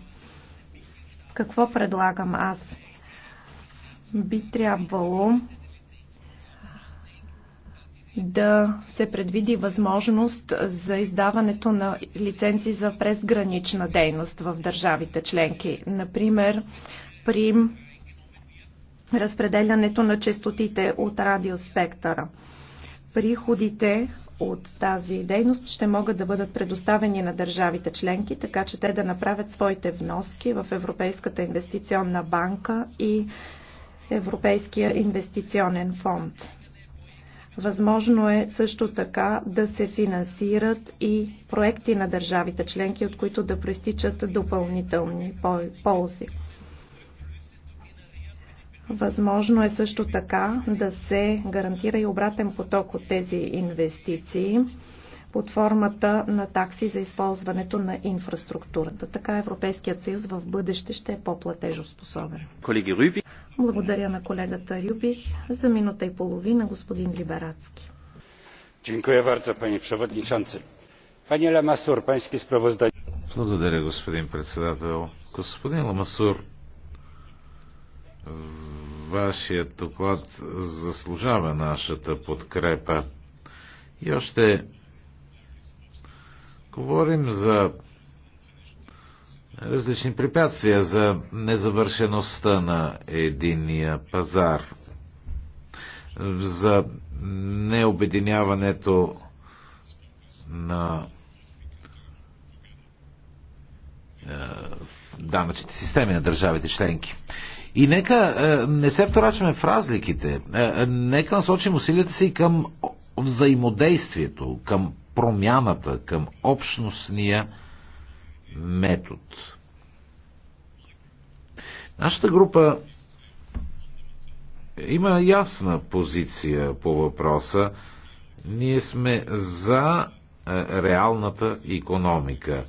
Какво предлагам аз? Би трябвало да се предвиди възможност за издаването на лицензи за презгранична дейност в държавите членки. Например, при разпределянето на частотите от радиоспектъра. Приходите от тази дейност ще могат да бъдат предоставени на държавите членки, така че те да направят своите вноски в Европейската инвестиционна банка и Европейския инвестиционен фонд. Възможно е също така да се финансират и проекти на държавите членки, от които да проистичат допълнителни ползи. Възможно е също така да се гарантира и обратен поток от тези инвестиции под формата на такси за използването на инфраструктурата. Така Европейският съюз в бъдеще ще е по-платежоспособен. Колеги благодаря на колегата Рюбих. за минута и половина, господин Либерацки. Благодаря, господин председател. Господин Ламасур, вашият доклад заслужава нашата подкрепа. И още говорим за различни препятствия за незавършеността на единия пазар, за необединяването на е, данъчните системи на държавите членки. И нека е, не се вторачваме в разликите, е, нека насочим усилията си към взаимодействието, към промяната, към общностния метод. Нашата група има ясна позиция по въпроса. Ние сме за е, реалната економика.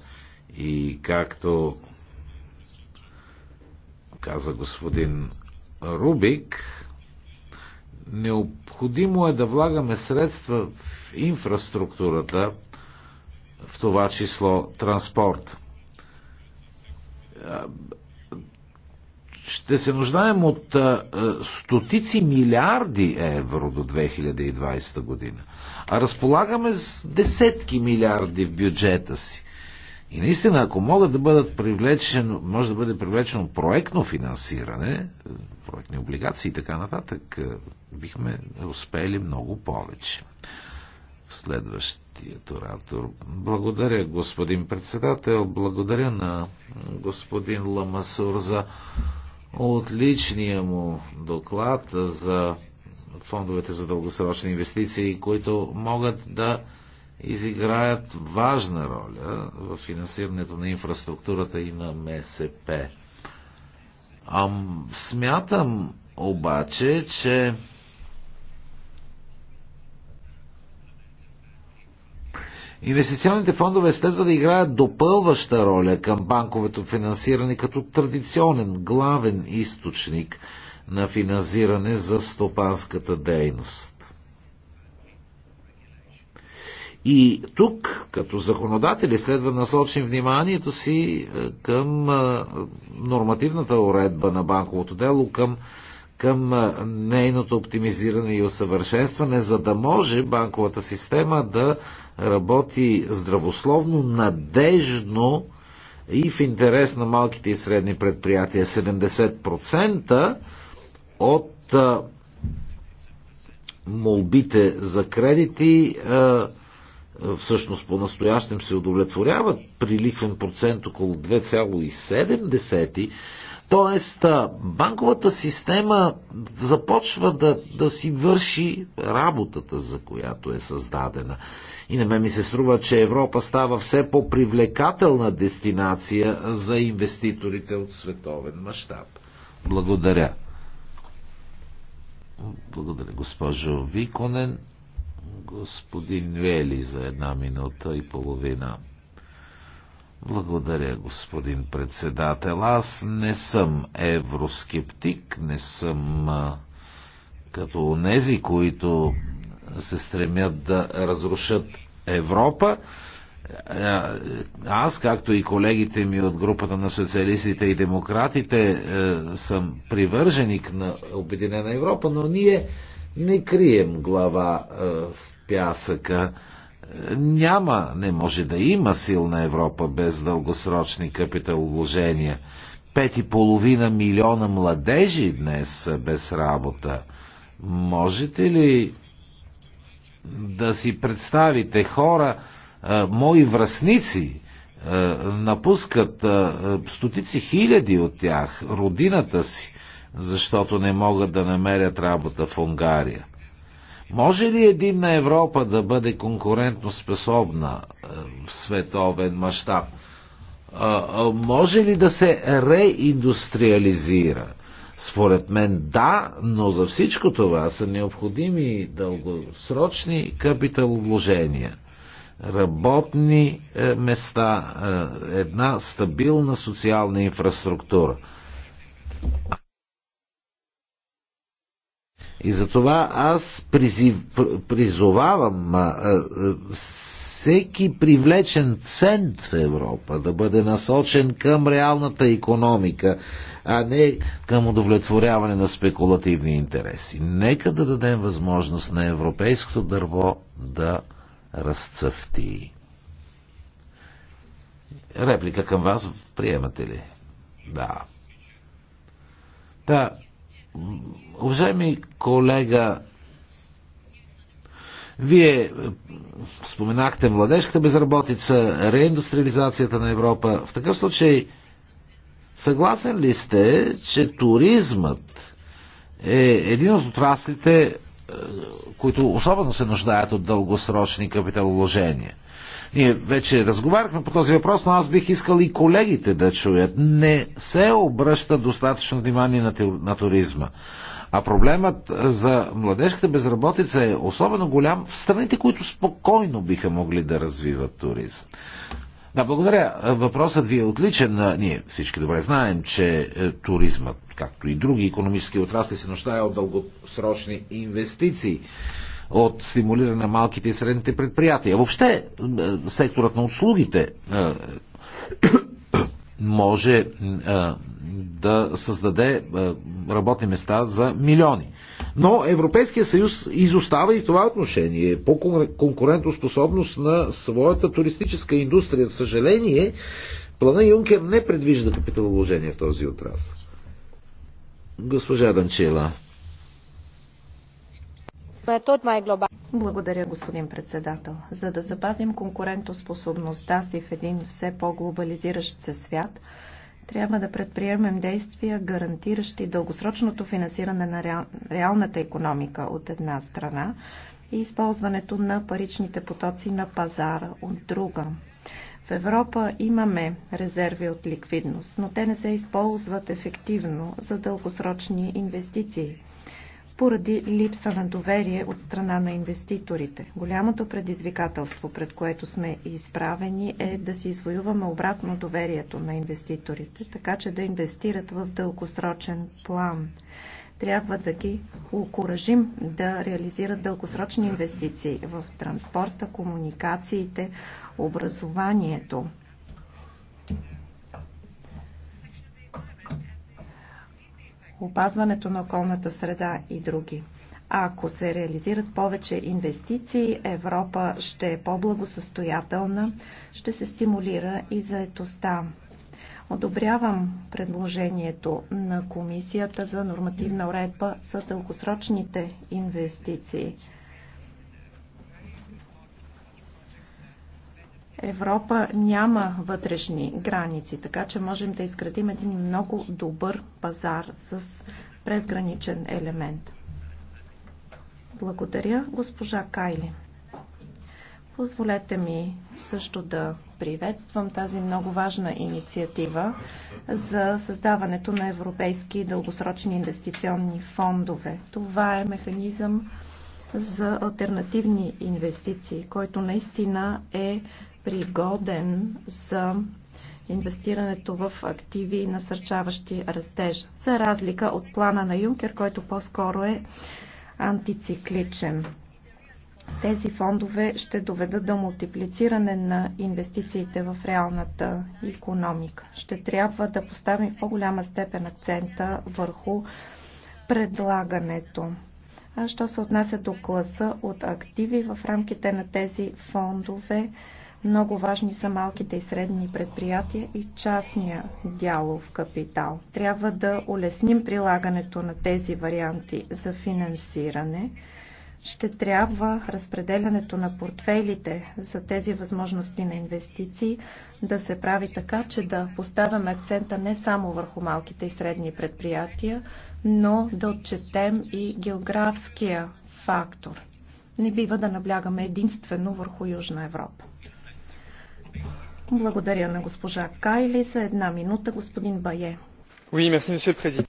И както каза господин Рубик, необходимо е да влагаме средства в инфраструктурата, в това число транспорт ще се нуждаем от а, стотици милиарди евро до 2020 година. А разполагаме с десетки милиарди в бюджета си. И наистина, ако могат да бъдат привлечено, може да бъде привлечено проектно финансиране, проектни облигации и така нататък, бихме успели много повече. Следващ следващият оратор. Благодаря, господин председател. Благодаря на господин Ламасур за отличния му доклад за фондовете за дългосрочни инвестиции, които могат да изиграят важна роля в финансирането на инфраструктурата и на МСП. Ам, смятам обаче, че Инвестиционните фондове следва да играят допълваща роля към банковото финансиране като традиционен главен източник на финансиране за стопанската дейност. И тук, като законодатели, следва да насочим вниманието си е, към е, нормативната уредба на банковото дело, към, към е, нейното оптимизиране и усъвършенстване, за да може банковата система да работи здравословно, надежно и в интерес на малките и средни предприятия. 70% от молбите за кредити а, е, всъщност по-настоящем се удовлетворяват при лихвен процент около 2,7, Тоест, банковата система започва да, да си върши работата, за която е създадена. И на мен ми се струва, че Европа става все по-привлекателна дестинация за инвеститорите от световен мащаб. Благодаря. Благодаря, госпожо Виконен господин Вели за една минута и половина. Благодаря, господин председател. Аз не съм евроскептик, не съм а, като онези, които се стремят да разрушат Европа. Аз, както и колегите ми от групата на социалистите и демократите, е, съм привърженик на Обединена Европа, но ние не крием глава е, в пясъка. Няма, не може да има силна Европа без дългосрочни капиталовложения. Пет и половина милиона младежи днес са без работа. Можете ли да си представите хора, е, мои връзници, е, напускат стотици хиляди от тях, родината си, защото не могат да намерят работа в Унгария. Може ли единна Европа да бъде конкурентно способна е, в световен мащаб? Може ли да се реиндустриализира? Според мен да, но за всичко това са необходими дългосрочни капиталовложения, работни е, места, е, една стабилна социална инфраструктура. И затова аз призив, призовавам всеки привлечен цент в Европа да бъде насочен към реалната економика, а не към удовлетворяване на спекулативни интереси. Нека да дадем възможност на европейското дърво да разцъфти. Реплика към вас приемате ли? Да. Да, Уважаеми колега, вие е, споменахте младежката безработица, реиндустриализацията на Европа. В такъв случай, съгласен ли сте, че туризмът е един от отраслите, е, които особено се нуждаят от дългосрочни капиталовложения? Ние вече разговаряхме по този въпрос, но аз бих искал и колегите да чуят. Не се обръща достатъчно внимание на, на туризма. А проблемът за младежката безработица е особено голям в страните, които спокойно биха могли да развиват туризъм. Да, благодаря. Въпросът ви е отличен. Ние всички добре знаем, че е, туризмът, както и други економически отрасли, се нуждае от дългосрочни инвестиции от стимулиране на малките и средните предприятия. Въобще, е, секторът на услугите е, (coughs) може е, да създаде работни места за милиони. Но Европейския съюз изостава и това отношение по конкурентоспособност на своята туристическа индустрия. Съжаление, плана Юнкер не предвижда капиталовложение в този отрасъл. Госпожа Данчела. Благодаря, господин председател. За да запазим конкурентоспособността си в един все по-глобализиращ се свят, трябва да предприемем действия, гарантиращи дългосрочното финансиране на реал... реалната економика от една страна и използването на паричните потоци на пазара от друга. В Европа имаме резерви от ликвидност, но те не се използват ефективно за дългосрочни инвестиции поради липса на доверие от страна на инвеститорите. Голямото предизвикателство, пред което сме изправени, е да си извоюваме обратно доверието на инвеститорите, така че да инвестират в дългосрочен план. Трябва да ги окоръжим да реализират дългосрочни инвестиции в транспорта, комуникациите, образованието. опазването на околната среда и други. Ако се реализират повече инвестиции, Европа ще е по-благосъстоятелна, ще се стимулира и заетостта. Одобрявам предложението на Комисията за нормативна уредба за дългосрочните инвестиции. Европа няма вътрешни граници, така че можем да изградим един много добър пазар с презграничен елемент. Благодаря, госпожа Кайли. Позволете ми също да приветствам тази много важна инициатива за създаването на европейски дългосрочни инвестиционни фондове. Това е механизъм, за альтернативни инвестиции, който наистина е пригоден за инвестирането в активи, насърчаващи растеж. За разлика от плана на Юнкер, който по-скоро е антицикличен. Тези фондове ще доведат до мултиплициране на инвестициите в реалната економика. Ще трябва да поставим в по-голяма степен акцента върху предлагането що се отнася до класа от активи в рамките на тези фондове, много важни са малките и средни предприятия и частния дялов капитал. Трябва да улесним прилагането на тези варианти за финансиране ще трябва разпределянето на портфелите за тези възможности на инвестиции да се прави така, че да поставяме акцента не само върху малките и средни предприятия, но да отчетем и географския фактор. Не бива да наблягаме единствено върху Южна Европа. Благодаря на госпожа Кайли. За една минута господин Бае. Oui, merci,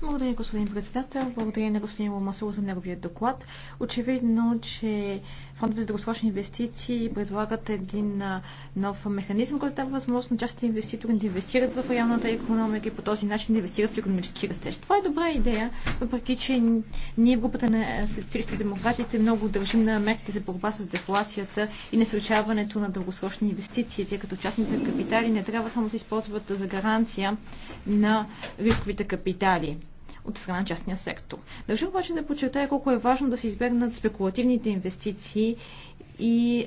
благодаря, господин председател. Благодаря на господин Ломасово за неговия доклад. Очевидно, че фондове за дългосрочни инвестиции предлагат един нов механизъм, който дава възможност на частните инвеститори да инвестират в реалната економика и по този начин да инвестират в економически растеж. Това е добра идея, въпреки че ние групата на социалистите демократите много държим на мерките за борба с дефлацията и насърчаването на дългосрочни инвестиции, тъй като частните капитали не трябва само да се използват за гаранция на рисковите капитали от страна на частния сектор. Държа обаче да подчертая колко е важно да се избегнат спекулативните инвестиции и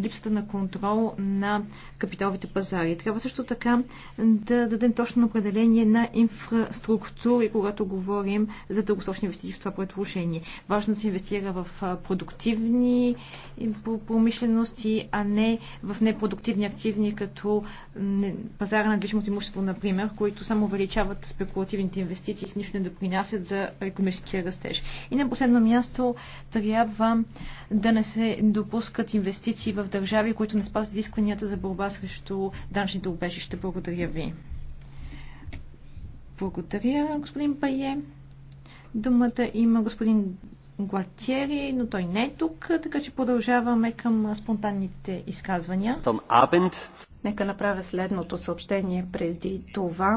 липсата на контрол на капиталовите пазари. Трябва също така да дадем точно определение на инфраструктури, когато говорим за дългосрочни инвестиции в това предложение. Важно да се инвестира в продуктивни промишлености, а не в непродуктивни активни, като пазара на движимото имущество, например, които само увеличават спекулативните инвестиции и с нищо не допринасят за економическия растеж. И на последно място трябва да не се допусне допускат инвестиции в държави, които не спазват изискванията за борба срещу данъчните убежища. Благодаря ви. Благодаря, господин Пайе. Думата има господин Гуартиери, но той не е тук, така че продължаваме към спонтанните изказвания. Нека направя следното съобщение преди това.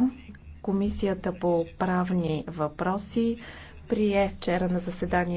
Комисията по правни въпроси прие вчера на заседанието